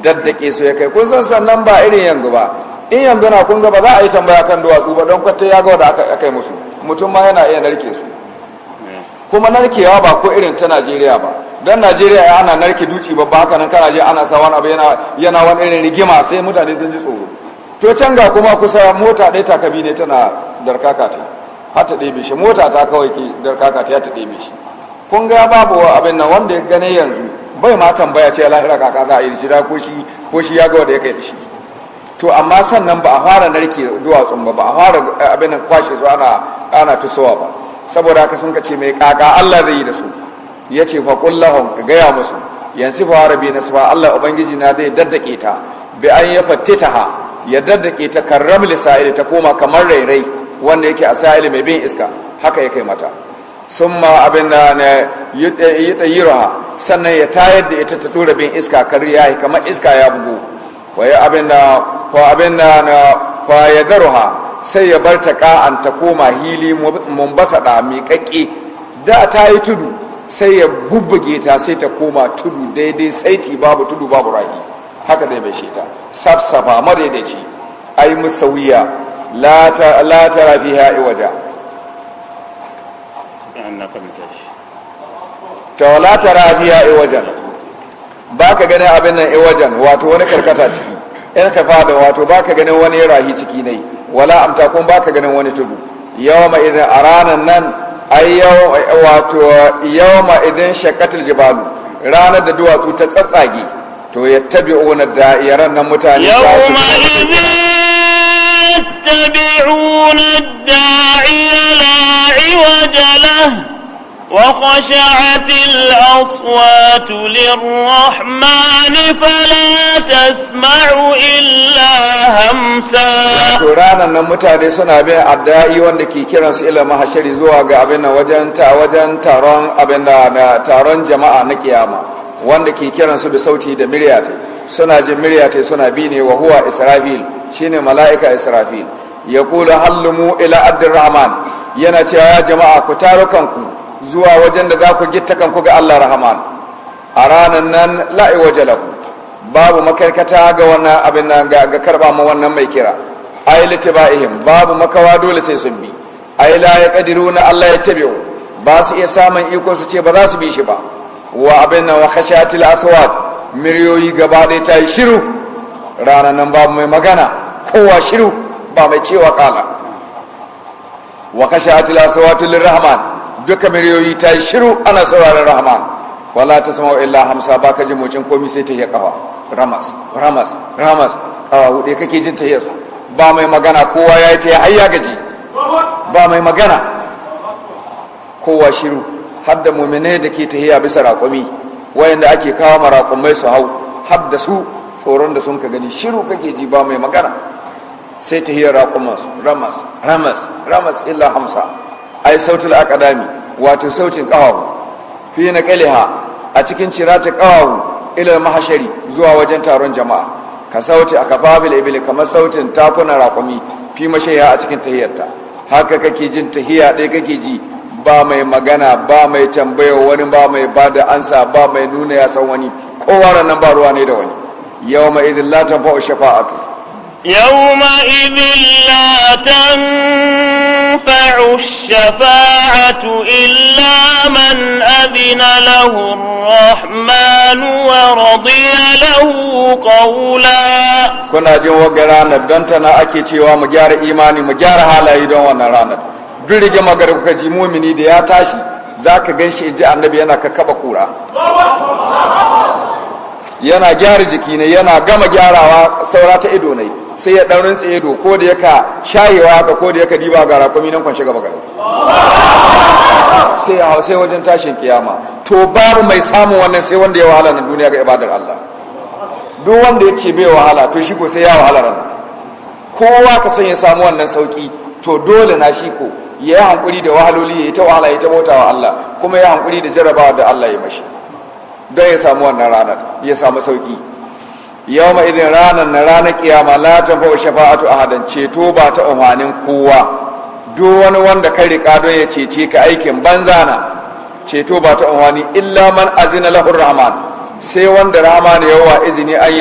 daddake su ya kai kun san sannan ba irin yanzu ba in yanzu na kun gaba. za a yi tambaya kan duwatsu ba don kwata ya gawa da aka yi musu mutum ma yana iya narke su kuma narkewa ba ko irin ta Najeriya ba don Najeriya ya ana narke duci babba haka nan kana je ana sa wani abu yana wani irin rigima sai mutane sun ji tsoro to can ga kuma kusa mota ɗaya ta kabi ne tana darkaka ta har ta ɗebe shi mota ta kawai ke darkaka ta ta ɗebe shi kun ga babu abin nan wanda ya gane yanzu bai ma tambaya ce lahira kaka za a yi shi da ko shi ya ga wanda ya kai shi to amma sannan ba a fara narke duwatsun ba ba a fara eh, abin nan kwashe su ana ana tusowa ba saboda haka sun kace mai kaka Allah zai yi da su yace fa kullahum ka gaya musu yanzu fa su nasba Allah ubangiji na zai daddake ta bi an ya daddake ta karram lisa'ili ta koma kamar rairai wanda yake a sa'ili mai bin iska haka ya kai mata sun ma abin da na yi sannan ya tayar da ita ta ɗora bin iska kar ya kamar iska ya bugu wa ya abin da na fa ya sai ya bar ta ka'an ta koma hili mumbasada miƙaƙƙe da ta yi tudu sai ya bubbuge ta sai ta koma tudu daidai saiti babu tudu babu rahi haka dai bai sheta safsafa madaidaici ai musawiya la ta tara fiha waja ta la tara fiha wajen, ba ka ganin abin nan iwajan wato wani karkata ciki in ka fada wato ba ka ganin wani rahi ciki ne wala amta kun ba ka ganin wani tudu Yau ma idan a ranar nan ai wato yawa ma idan shakatul jibalu ranar da duwatsu ta tsatsage Toyetabbi ukan daɗe yaran mutane ta asibiti masu ɗari. Lokumin zai taɓa una daɗi a daɗi waje ne? Waƙo shakatil fa la tasma'u illa Hamsa. A turan nan mutane suna binne a daɗi wanda ke kiran su ilimin haɗari zuwa ga abinda wajen taron jama'a na kiyama. wanda ke kiran su da sauti da murya ta suna jin murya ta suna bi ne wa huwa israfil shine mala'ika israfil ya kula hallumu ila Rahman. yana cewa ya jama'a ku taro kanku zuwa wajen da za ku gitta kanku ga Allah rahman a ranan nan la'i waje babu makarkata ga wannan abin nan ga karba ma wannan mai kira ai litiba'ihim babu makawa dole sai sun bi ai la na Allah ya tabi'u ba su iya samun iko su ce ba za su bi shi ba wa abin nan wa khashatil aswad miryoyi gaba ɗaya ta yi shiru ranar nan babu mai magana kowa shiru ba mai cewa kala wa khashatil aswad Rahman duka miryoyi ta yi shiru ana sauraron rahman wala ta tasma'u illa hamsa baka ji mocin komai sai ta yi kawa ramas ramas ramas kawa hude kake jin ta yi ba mai magana kowa ya yi ta yi hayya gaji ba mai magana kowa shiru Hadda da muminai da ke tahiya bisa raƙumi wayanda ake kawo ma raƙumai su hau hadda su tsoron da sun ka gani shiru kake ji ba mai magana sai tahiyar raƙumas ramas ramas ramas illa hamsa ai sautul akadami wato sautin ƙawawu fi na kaliha a cikin cirata ƙawawu ilal mahashari zuwa wajen taron jama'a ka sauti a kafabil ibil kamar sautin takunan raƙumi fi mashaya a cikin tahiyarta haka kake jin tahiya ɗaya kake ji ba mai magana ba mai tambaya wani ba mai ba da ansa ba mai nuna ya san wani kowa ranar ba ruwa ne da wani yau mai idin latan fa'o shafa'atu yau ma idin latan fa'o illa man adina rahmanu wa radiya lahu qawla kuna jin wagga ranar don tana ake cewa mu gyara imani mu gyara halaye don wannan ranar duk rige mumini da ya tashi za ka gan shi ji annabi yana ka kaba kura yana gyara jiki ne yana gama gyarawa saura ta ido ne sai ya ɗaurin tsaye ido ko da yaka shayewa ka ko da yaka diba ga rakumi nan kwanci gaba gari sai ya hau sai wajen tashin kiyama to babu mai samun wannan sai wanda ya wahala na duniya ga ibadar Allah duk wanda ya ce bai wahala to shi ko sai ya wahala rana? kowa ka sanya ya samu wannan sauki to dole na shi ko ya yi hankuri da wahaloli ya yi ta wahala ya ta bauta wa Allah kuma ya hankuri da jarabawa da Allah ya mashi don ya samu wannan ranar ya samu sauki yau ma idin ranar na ranar kiyama la tanfa shafa'atu ahadan ceto ba ta umarnin kowa duk wani wanda kai riƙa don ya cece ka aikin banza na ceto ba ta umarni illa man azina lahur rahman sai wanda rahman ya wa izini an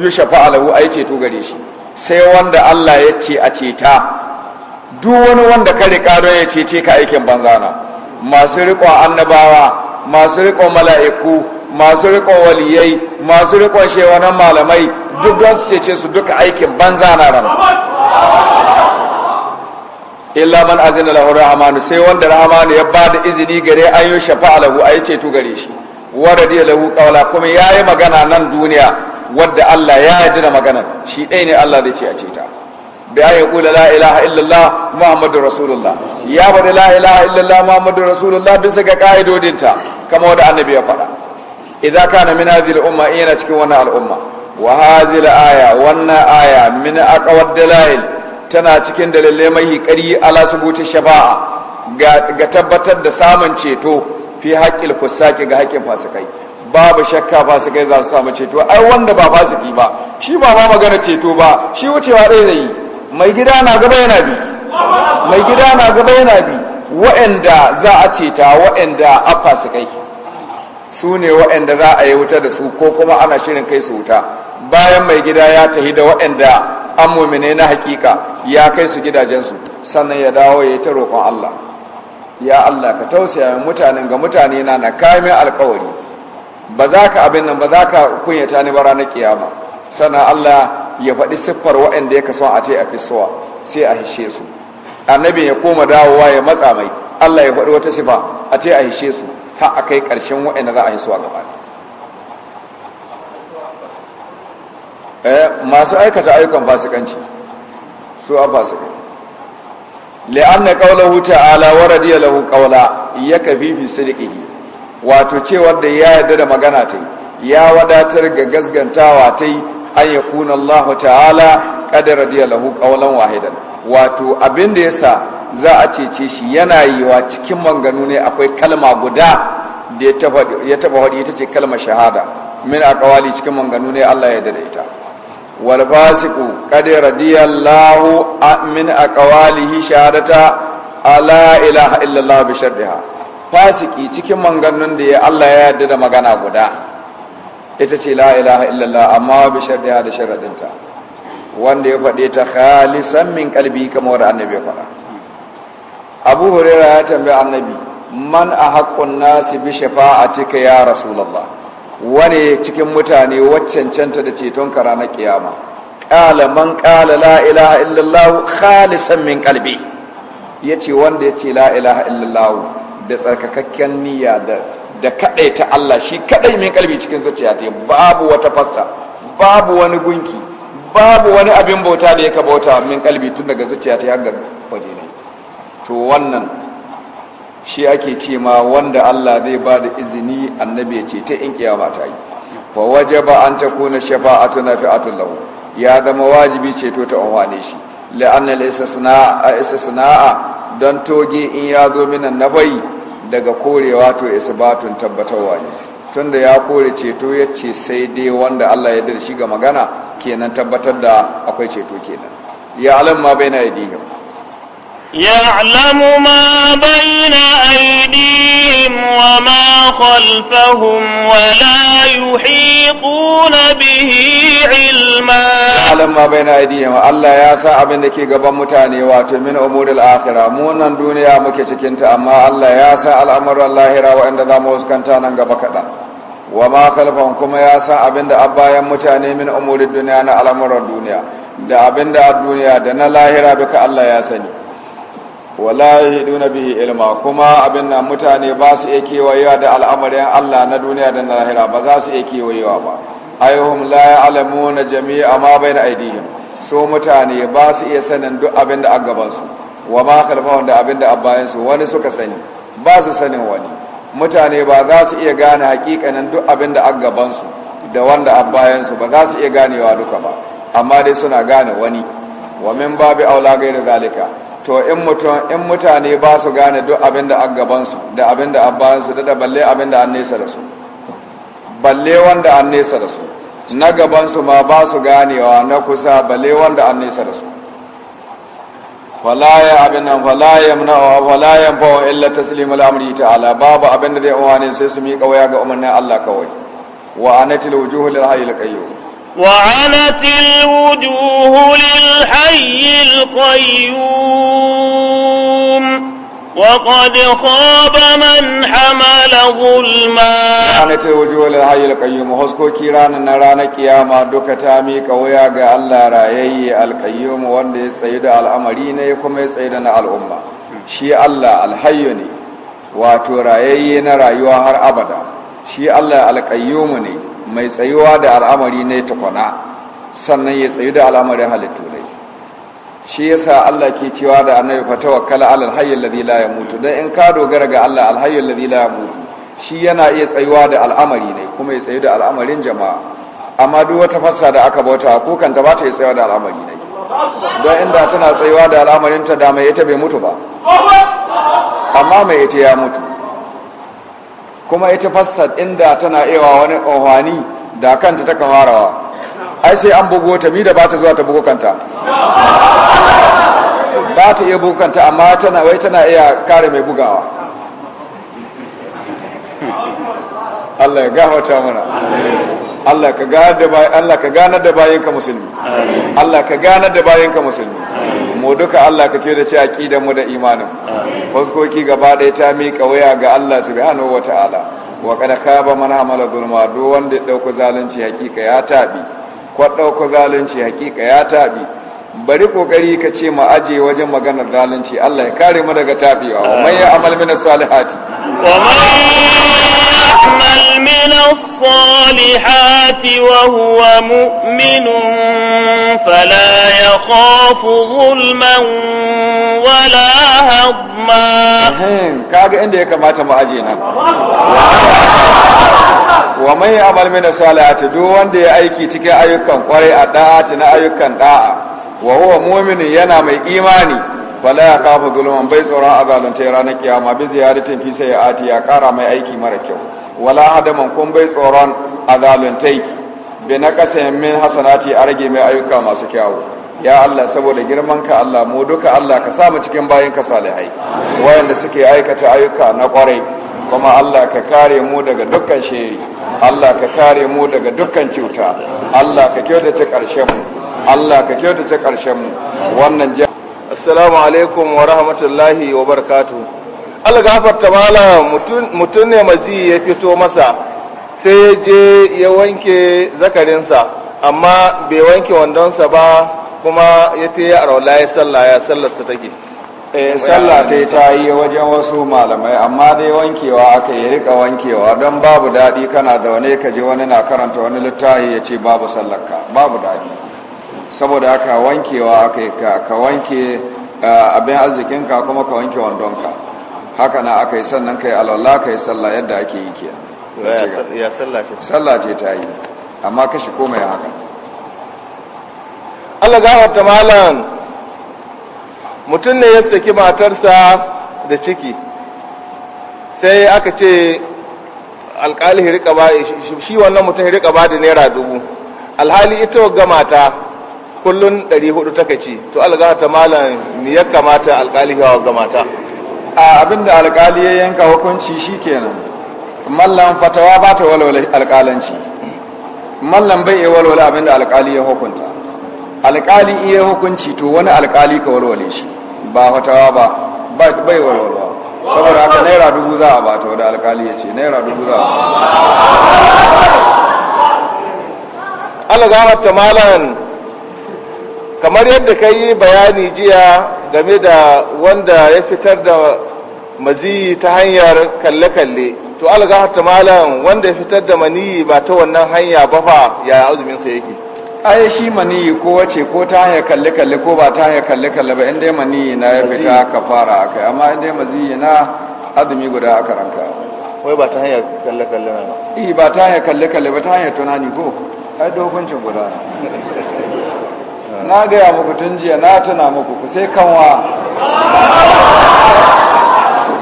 yi shafa'a lahu ai ceto gare shi sai wanda Allah ya ce a ceta duk wani wanda kare riƙa ya cece ka aikin na, masu riƙon annabawa masu riƙon mala'iku masu riƙon waliyai masu riƙon shewanan malamai duk don su cece su duka aikin na ran illa man azina lahu rahmanu sai wanda rahmanu ya ba da izini gare an yi shafa'a lahu a yi ceto gare shi dai lahu kawala kuma ya yi magana nan duniya wadda Allah ya yarda da magana, shi ɗaya ne Allah da ce a ce ta bi ya kula la ilaha illallah muhammadu rasulullah ya bada la ilaha illallah muhammadu rasulullah bisa ga ka'idodinta kama wanda annabi ya faɗa idan kana min hadhihi al-umma yana cikin wannan al'umma wa hadhihi aya wannan aya min aqwad dalail tana cikin dalilai mai kari ala shaba'a ga tabbatar da samun ceto fi haqqil kusaki ga haƙƙin fasikai babu shakka fasikai za su samu ceto ai wanda ba fasiki ba shi ba ma magana ceto ba shi wucewa ɗaya zai yi mai gida na gaba yana bi mai gida na gaba yana bi wa'anda za a ceta wa'anda a kai su ne wa'anda za a yi wuta da su ko kuma ana shirin kai su wuta bayan mai gida ya tahi da wa'anda an mumine na hakika ya kai su gidajensu sannan ya dawo ya yi ta roƙon Allah ya Allah ka tausaya mutanen ga mutane na na kayan alkawari ba za ka abin nan ba za ka kunyata ni ba ranar kiyama sannan Allah ya faɗi siffar waɗanda ya kaso a ta a fisowa sai a hishe su annabin ya koma dawowa ya matsa mai allah ya faɗi wata siffa a ta a hishe su Ha a kai ƙarshen waɗanda za a hisowa gaba eh, masu aikata ayyukan fasikanci su a Fasikanci. Le'an na qawluhu ta'ala wa radiya lahu ya ka fi sidqihi wato cewar da ya yarda da magana ta yi, ya wadatar ga gasgantawa ta yi. an ya kuna Allah ta'ala ƙadar biya lahu ƙaunar wahidan wato abin da ya sa za a cece shi yana yiwa cikin manganu ne akwai kalma guda da ya taba haɗi ita ce kalma shahada min a ƙawali cikin manganu ne Allah ya dada ita wal fasiku ƙadar radiyallahu min a ƙawalihi shahadata ala ilaha illallah bi sharriha fasiki cikin manganun da ya Allah ya yarda da magana guda ita ce la ilaha illallah amma bi sharriha da sharadinta wanda ya faɗe ta khalisan min kalbi kamar wanda annabi ya faɗa Abu hurera ya tambaye annabi man a haƙƙun nasi bi shafa'atika ya rasulullah wane cikin mutane waccancanta da ceton kara na kiyama Ƙala man ƙala la ilaha illallah khalisan min kalbi yace wanda yace la ilaha illallah da tsarkakakken niyya da da kaɗai ta Allah shi kaɗai min kalbi cikin zuciya ta babu wata fassa babu wani gunki babu wani abin bauta da yake bauta min kalbi tun daga zuciya ta har ga waje ne to wannan shi ake ce ma wanda Allah zai ba da izini annabi ya ce ta in kiyama ta yi fa wajaba an takuna shafa'atu nafi'atun lahu ya zama wajibi ceto ta wane shi la'anna al-istisna'a don toge in ya zo minan nabai daga korewa to isbatun tabbatarwa ne tunda ya kore ceto ya ce sai dai wanda Allah ya shi ga magana kenan tabbatar da akwai ceto kenan ya alamma ma na idihim يعلم ما بين أيديهم وما خلفهم ولا يحيطون به علما يعلم ما بين أيديهم الله يا سا abin da ke gaban mutane wato min umuril akhirah mu duniya muke cikin ta amma Allah ya sa al'amuran lahira wa'anda za mu huskanta nan gaba kaɗan wa ma kuma ya sa abin da bayan mutane min umurid duniya na al'amuran duniya da abin a duniya da na lahira duka Allah ya sani wala yahiduna bihi ilma kuma abin nan mutane ba su iya kewayewa da al'amarin Allah na duniya da na lahira ba za su iya kewayewa ba ayyuhum la ya'lamuna jami'a ma bayna aydihim so mutane ba su iya sanin duk abin da a gaban su wa ma khalfahum da abin da a bayan su wani suka sani ba su sanin wani mutane ba za su iya gane hakikanin duk abin da a gaban su da wanda a bayan su ba za su iya ganewa duka ba amma dai suna gane wani wa min babi aula ghairu zalika to in mutane ba su gane duk abin da an gabansu da abin da an su, da balle abin da an nesa da su balle wanda an nesa da su na gabansu ma ba su ganewa na kusa balle wanda an nesa da su falaya abin nan falaya wa falaya wa illa taslim amri ta'ala babu abin da zai umarni sai su miƙa waya ga umarnin Allah kawai wa anatil wujuhul hayyul qayyum وعنت الوجوه للحي القيوم وقد خاب من حمل ظلما وعنت الوجوه للحي القيوم وحسكو كيران نرانا كياما دوكتا تامي وياغا الله رأيي القيوم واندي سيد الأمرين يكم سيدنا الأمة شي الله الحيني واتو رأيي نرايوها هر أبدا شي الله القيوم ني mai tsayuwa da al'amari ne tukuna sannan ya tsayu da al'amarin halittu ne shi yasa Allah ke cewa da annabi fa tawakkala wakala hayy alladhi la yamutu dan in ka dogara ga Allah Alhayyul hayy ya la shi yana iya tsayuwa da al'amari ne kuma ya tsayu da al'amarin jama'a amma duk wata fassa da aka bauta ko kanta ba ta yi tsayuwa da al'amari ne don inda tana tsayuwa da ta, da mai ita bai mutu ba amma mai ita ya mutu kuma ita fassad inda tana iya wani ohani da kanta ta kawarawa ai sai an bugo ta mi da ba ta zuwa ta bugo kanta ba ta iya bugo kanta amma tana wai tana iya kare mai bugawa Allah ya gafarta mana Allah ka gane da ka musulmi Allah ka gane da ka musulmi mu duka Allah ka ke da ci aqidan mu da imanin fuskoki gaba ɗaya ta miƙa waya ga Allah subhanahu wataala wa kada khaba man hamala zulma duk wanda ya dauko zalunci hakika ya tabi ko dauko zalunci hakika ya tabi bari kokari ka ce ma aje wajen maganar zalunci Allah ya kare mu daga tafiya wa man ya'mal min as-salihati wa man ya'mal min as-salihati wa huwa mu'minun fala yakhafu zulman wala hadma kaga inda ya kamata mu aje nan wa man ya'mal min as-salihati duk wanda ya aiki cikin ayyukan kwarai a da'ati na ayyukan da'a wa huwa mu'minin yana mai imani fala ya kafa zulman bai tsoron azalunta ranar kiyama bi ziyaratin fi ati ya kara mai aiki mara kyau wala hadaman kun bai tsoron azaluntai bi naqasin min hasanati a rage mai ayyuka masu kyau. ya Allah saboda girman ka Allah mu duka Allah ka sa mu cikin bayin ka salihai wayanda suke aikata ayyuka na kwarai kuma Allah ka kare mu daga dukkan sheri Allah ka kare mu daga dukkan cuta Allah ka kyautace karshen mu Allah ka ta ƙarshen mu wannan jiya. assalamu alaikum wa rahmatullahi wa barakatu. Allah gafarta mala mutum ne mazi ya fito masa sai ya je ya wanke zakarinsa amma bai wanke wandonsa ba kuma ya ta yi arola ya sallah ya sallarsa take eh, sallah ta yi ta yi wajen wasu malamai amma dai wankewa aka yi rika wankewa don babu daɗi kana da wani ka je wani na karanta wani littafi ya ce babu sallarka babu daɗi saboda ka wankewa ka wanke eh, abin arzikinka kuma ka wanke wandonka haka na aka yi sannan ka yi alwallah ka yi sallah yadda ake yi ke ya sallah ce ta yi amma ka shi komai haka allah gafarta malam mutum ne ya saki matarsa da ciki sai aka ce alkali shi wannan mutum rika ba da naira dubu alhali ita ga mata kullun 400 take ci to alga ta malam me ya kamata alkali ya ga mata a abinda alkali ya yanka hukunci shikenan mallan fatawa ba ta walwala alkalanci mallan bai yi walwala abinda alkali ya hukunta alkali iya hukunci to wani alkali ka walwale shi ba fatawa ba bai walwala saboda haka naira dubu za a bata wani alkali ya ce naira dubu za a bata algarar ta malam kamar yadda ka yi bayani jiya game da wanda ya fitar da maziyi ta hanyar kalle-kalle to algahata malam wanda ya fitar da maniyi ba ta wannan hanya ba fa ya azuminsa yake ai shi maniyi ko wace ko ta hanyar kalle-kalle ko ba ta hanyar kalle-kalle ba inda maniyi na ya fita ka fara akai amma inda maziyi na azumi guda aka ranka wai ba ta hanyar kalle-kalle na ba ba ta hanyar kalle-kalle ba ta hanyar tunani ko ai dokuncin guda na gaya muku tun jiya na tuna muku ku sai kanwa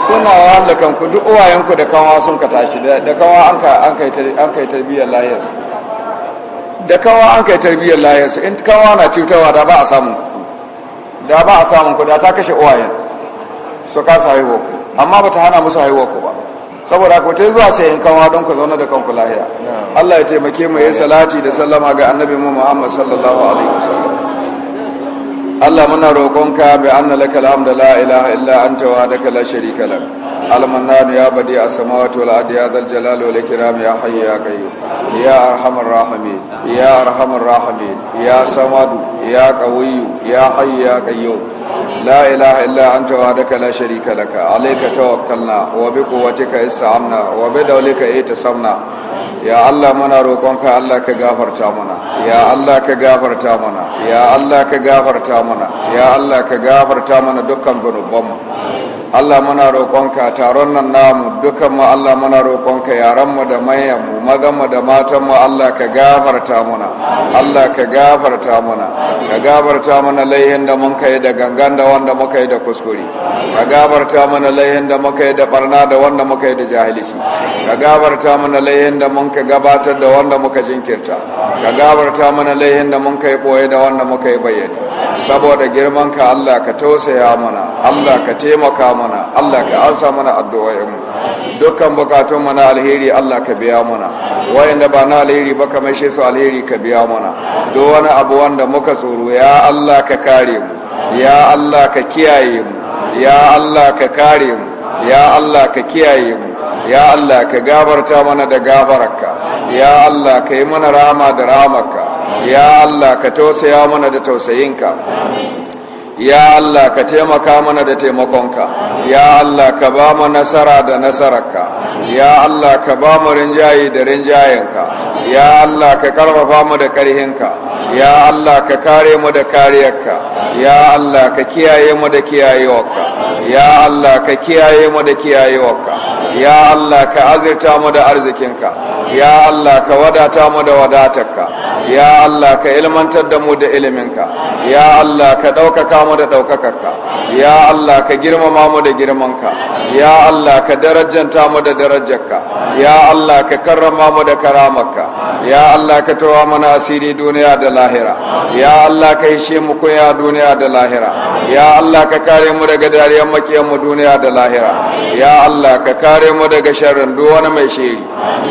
kuna kan kanku duk uwayenku da kanwa sun ka tashi da kanwa an kai tarbiyyar lahiyar da kanwa an kai tarbiyyar lahiyar in kanwa na cutarwa da ba a samun da ba a samun ku da ta kashe uwayen su kasa haihuwa ku amma ba ta hana musu haihuwa ku ba saboda ku ta zuwa sayan kawo don ku zauna da kanku lahiya Allah ya taimake mu yayi salati da sallama ga annabi mu Muhammad sallallahu alaihi wasallam Allah muna roƙonka bi anna lakal hamdu la ilaha illa anta hadaka la sharika lak al ya badi a samawati wal ardi ya dhal jalali wal ikram ya hayyu ya qayyum ya arhamar rahimin ya arhamar rahimin ya samad ya qawiyyu ya hayyu ya qayyum لا إله إلا أنت وحدك لا شريك لك عليك توكلنا وبقوتك استعنا وبدولك اتسمنا يا الله منا روقنك الله كغفر تامنا يا الله كغفر تامنا يا الله كغفر تامنا يا الله كغفر تامنا دكان ذنوبنا Allah muna roƙonka taron nan namu dukan mu Allah muna roƙonka yaran mu da mayan mu magan mu da matan mu Allah ka gafarta muna Allah ka gafarta muna ka gafarta mana laihin da mun kai da gangan da wanda muka yi da kuskure ka gafarta mana laihin da muka yi da barna da wanda muka yi da jahilci ka gafarta mana laihin da mun ka gabatar da wanda muka jinkirta ka gafarta mana laihin da mun kai boye da wanda muka yi bayyana saboda girman ka Allah ka tausaya mana Allah ka taimaka mana Allah ka ansa mana addu'o'inmu dukkan bukatun mana na alheri Allah ka biya mana wayanda ba na alheri ba ka mashe su alheri ka biya mana duk wani abu wanda muka tsoro ya Allah ka kare mu ya Allah ka kiyaye mu ya Allah ka kare mu ya Allah ka kiyaye mu ya Allah ka gabarta mana da gafararka ya Allah ka yi mana rama da ramarka ya Allah ka tausaya mana da tausayinka ya Allah ka taimaka mana da taimakonka ya Allah ka ba mu nasara da nasararka ya Allah ka ba mu rinjaye da rinjayenka ya Allah ka karfafa mu da ƙarhinka. ya Allah ka kare mu da kariyarka ya Allah ka kiyaye mu da kiyayewarka ya Allah ka kiyaye mu da kiyayewarka ya Allah ka azirta mu da arzikinka ya Allah ka wadata mu da wadatarka ya Allah ka ilmantar da mu da iliminka ya Allah ka ɗaukaka mu da ɗaukakarka ya Allah ka girmama mu da girmanka ya Allah ka darajanta mu da darajarka ya Allah ka karrama mu da karamarka ya Allah ka tawa mana asiri duniya da da lahira ya Allah ka ishe mu kunya duniya da lahira ya Allah ka kare mu daga dariyar makiyar mu duniya da lahira ya Allah ka kare mu daga sharrin duk wani mai shiri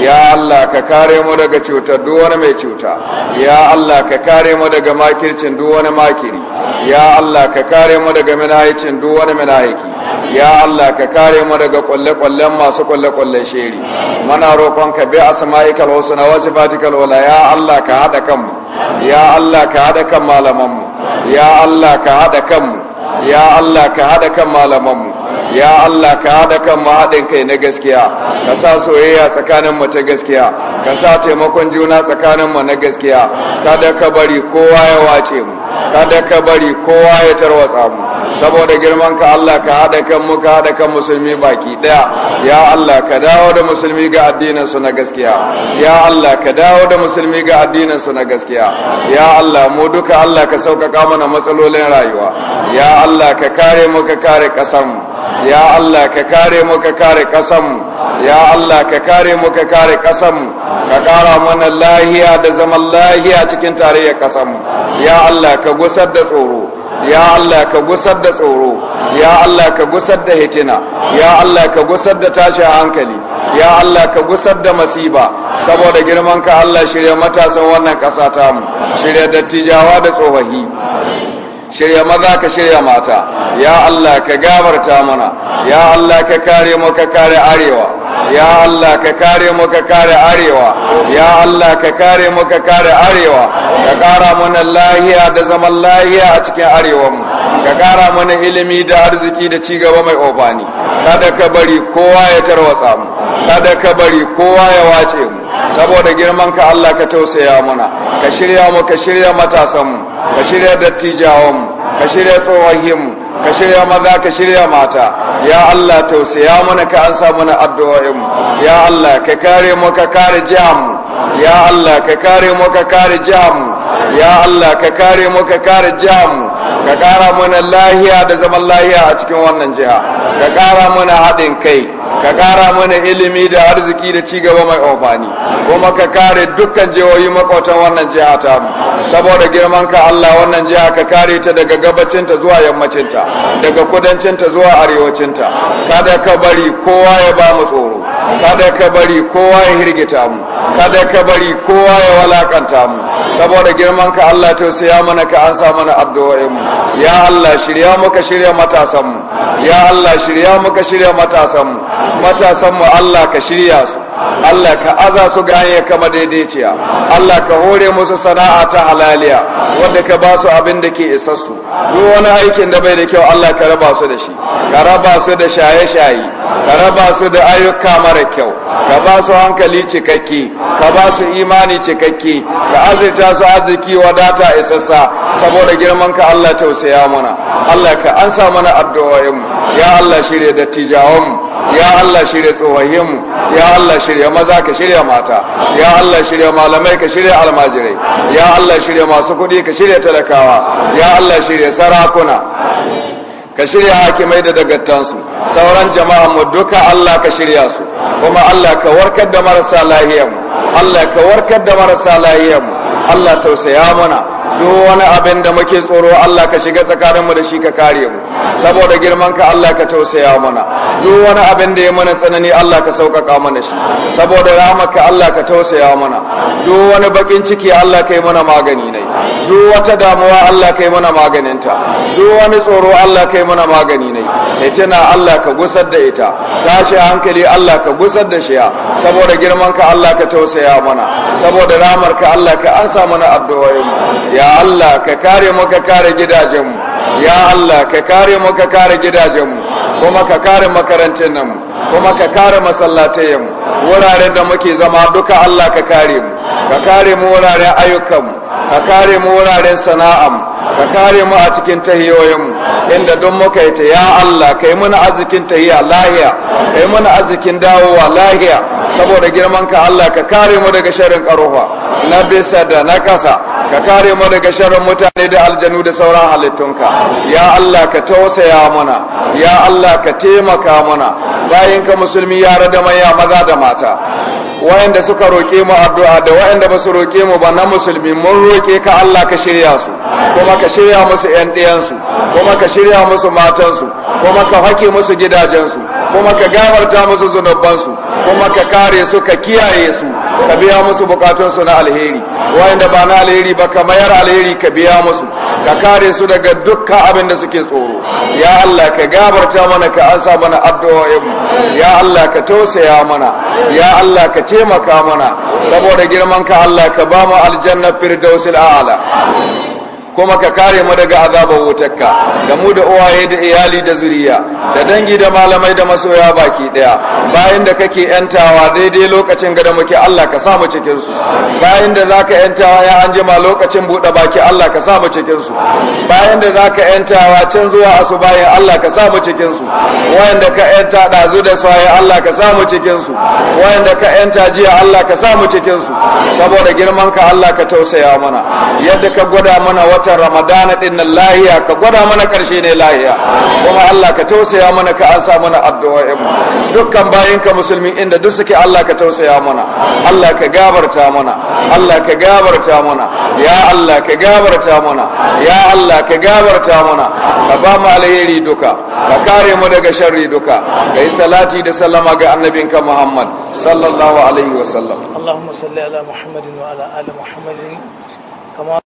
ya Allah ka kare mu daga cutar duk wani mai cuta ya Allah ka kare mu daga makircin duk wani makiri ya Allah ka kare mu daga minahicin duk wani minahiki ya Allah ka kare mu daga kwalle-kwallen masu kwalle-kwallen sheri muna roƙon ka bi asma'ikal husna wa sifatikal ula ya Allah ka hada kanmu ya Allah ka hada kan malamanmu ya Allah ka hada kanmu ya Allah ka hada kan malamanmu ya Allah ka haɗa kan haɗin kai na gaskiya ka sa soyayya tsakanin mu ta gaskiya ka sa taimakon juna tsakanin mu na gaskiya kada ka bari kowa ya wace mu kada ka bari kowa ya tarwatsa mu saboda girman ka Allah ka haɗa kan mu ka haɗa kan musulmi baki ɗaya ya Allah ka dawo da musulmi ga addinin su na gaskiya ya Allah ka dawo da musulmi ga addinin su na gaskiya ya Allah mu duka Allah ka sauƙaƙa mana matsalolin rayuwa ya Allah ka kare mu ka kare kasam. ya Allah ka kare mu ka kare kasam. ya Allah ka kare mu ka kare kasam. ka kara mana lahiya da zaman lahiya cikin tarayyar kasam. ya Allah ka gusar da tsoro ya Allah ka gusar da tsoro ya Allah ka gusar da hitina ya Allah ka gusar da tashin hankali ya Allah ka gusar da masiba saboda girman ka Allah shirya matasan wannan ƙasa tamu shirya dattijawa da tsofaffi shirya maza ka shirya mata ya Allah ka gabarta mana ya Allah ka kare mu ka kare arewa ya Allah ka kare mu ka kare arewa ya Allah ka kare mu ka kare arewa ka kara mana lahiya da zaman lahiya a cikin arewa mu ka kara mana ilimi da arziki da cigaba mai ofani kada ka bari kowa ya tarwatsa mu kada ka bari kowa ya wace mu saboda girman ka Allah ka tausaya mana ka shirya mu ka shirya matasan mu ka shirya dattijawan mu ka shirya tsohon mu ka shirya maza ka shirya mata ya Allah tausaya mana ka an sa mana addu'o'in ya Allah ka kare mu ka kare jiham ya Allah ka kare mu ka kare jiham ya Allah ka kare mu ka kare jiham ka kara mana lahiya da zaman lahiya a cikin wannan jiha ka kara mana haɗin kai ka kara mana ilimi da arziki da ci gaba mai amfani kuma ka kare dukkan jihohi makwatan wannan jiha ta mu saboda girman ka Allah wannan jiha ka kare ta daga gabacinta zuwa yammacinta daga kudancinta zuwa arewacinta kada ka bari kowa ya ba mu tsoro kada ka bari kowa ya hirgita mu kada ka bari kowa ya walakanta mu saboda girman ka Allah ya mana ka an sa mana addu'o'in mu ya Allah shirya muka shirya matasan mu ya Allah shirya muka shirya matasan mu matasan mu Allah ka shirya su Allah ka aza su ga ganye kama daidaiciya Allah ka hore musu sana'a ta halaliya wanda ka ba su abin da ke isassu duk wani aikin da bai da kyau Allah ka raba su da shi ka raba su da shaye-shaye ka raba su da ayyuka mara kyau ka ba su hankali cikakke ka ba su imani cikakke ka azurta su arziki wadata isassa saboda girman ka Allah tausaya mana Allah ka ansa mana addu'o'in ya Allah shirya dattijawanmu. mu ya Allah shirya tsohayenmu ya Allah shirya maza ka shirya mata ya Allah shirya malamai ka shirya almajirai ya Allah shirya masu kuɗi ka shirya talakawa ya Allah shirya sarakuna ka shirya hakimai da dagattansu sauran jama'a mu duka Allah ka shirya su kuma Allah ka warkar da marasa mu. Allah ka warkar da marasa mu. Allah tausaya mana duk wani abin da muke tsoro Allah ka shiga tsakaninmu da shi ka kare mu saboda girman ka Allah ka tausaya mana duk wani abin da ya mana tsanani Allah ka sauƙaƙa mana shi saboda ka Allah ka tausaya mana duk wani bakin ciki Allah ka yi mana magani ne duk wata damuwa Allah ka yi mana maganinta duk wani tsoro Allah ka yi mana magani ne hitina Allah ka gusar da ita tashi hankali Allah ka gusar da shiya saboda girman ka Allah ka tausaya mana saboda rahmar ka Allah ka ansa mana addu'o'in ya Allah ka kare mu ka kare gidajenmu ya Allah ka kare mu ka kare gidajenmu kuma ka kare makarantun nan kuma ka kare masallatayenmu wuraren da muke zama duka Allah ka kare mu ka kare mu wuraren ayyukan! ka kare mu wuraren sana'am ka kare mu a cikin mu inda duk muka yi ta ya Allah kai mana arzikin tahiya lahiya kai mana dawo dawowa lahiya saboda girman ka Allah ka kare mu daga shirin karuwa na bisa da na kasa ka kare mu daga sharrin mutane da aljanu da sauran halittunka ya Allah ka tausaya mana ya Allah ka taimaka mana bayan ka musulmi yara da maya maza da mata wayanda suka roke mu addu'a da wayanda ba su roke mu ba na musulmi mun roke ka Allah ka shirya su kuma ka shirya musu yan su. kuma ka shirya musu matan su. kuma ka hake musu gidajen su. kuma ka gafarta musu zunubansu kuma ka kare su ka kiyaye su ka biya musu bukatun su na alheri wayanda ba na alheri ba ka mayar alheri ka biya musu ka kare su daga dukkan abin da suke tsoro ya Allah ka gabarta mana ka ansa mana addu'o'in ya Allah ka tausaya mana ya Allah ka taimaka mana saboda girman ka Allah ka ba mu aljanna firdausil a'la kuma ka kare mu daga azabar wutarka da mu da uwaye da iyali da zuriya da dangi da malamai da masoya baki daya bayan da kake yantawa daidai lokacin ga da muke Allah ka samu cikin su bayan da zaka yantawa ya anjima lokacin bude baki Allah ka samu cikin su bayan da zaka yantawa can zuwa bayan Allah ka samu cikin su wayanda ka yanta zu da sai Allah ka samu cikin su da ka yanta jiya Allah ka samu cikin su saboda girman ka Allah ka tausaya mana yadda ka gwada mana wata watan ramadana din nan lahiya ka gwada mana karshe ne lahiya kuma Allah ka tausaya mana ka ansa mana addu'o'in mu dukkan bayin ka musulmi inda duk suke Allah ka tausaya mana Allah ka gabarta mana Allah ka gabarta mana ya Allah ka gabarta mana ya Allah ka gabarta mana ka ba mu alheri duka ka kare mu daga sharri duka kai salati da sallama ga annabinka Muhammad sallallahu alaihi wasallam sallam Allahumma salli ala Muhammadin wa ala ali Muhammadin kama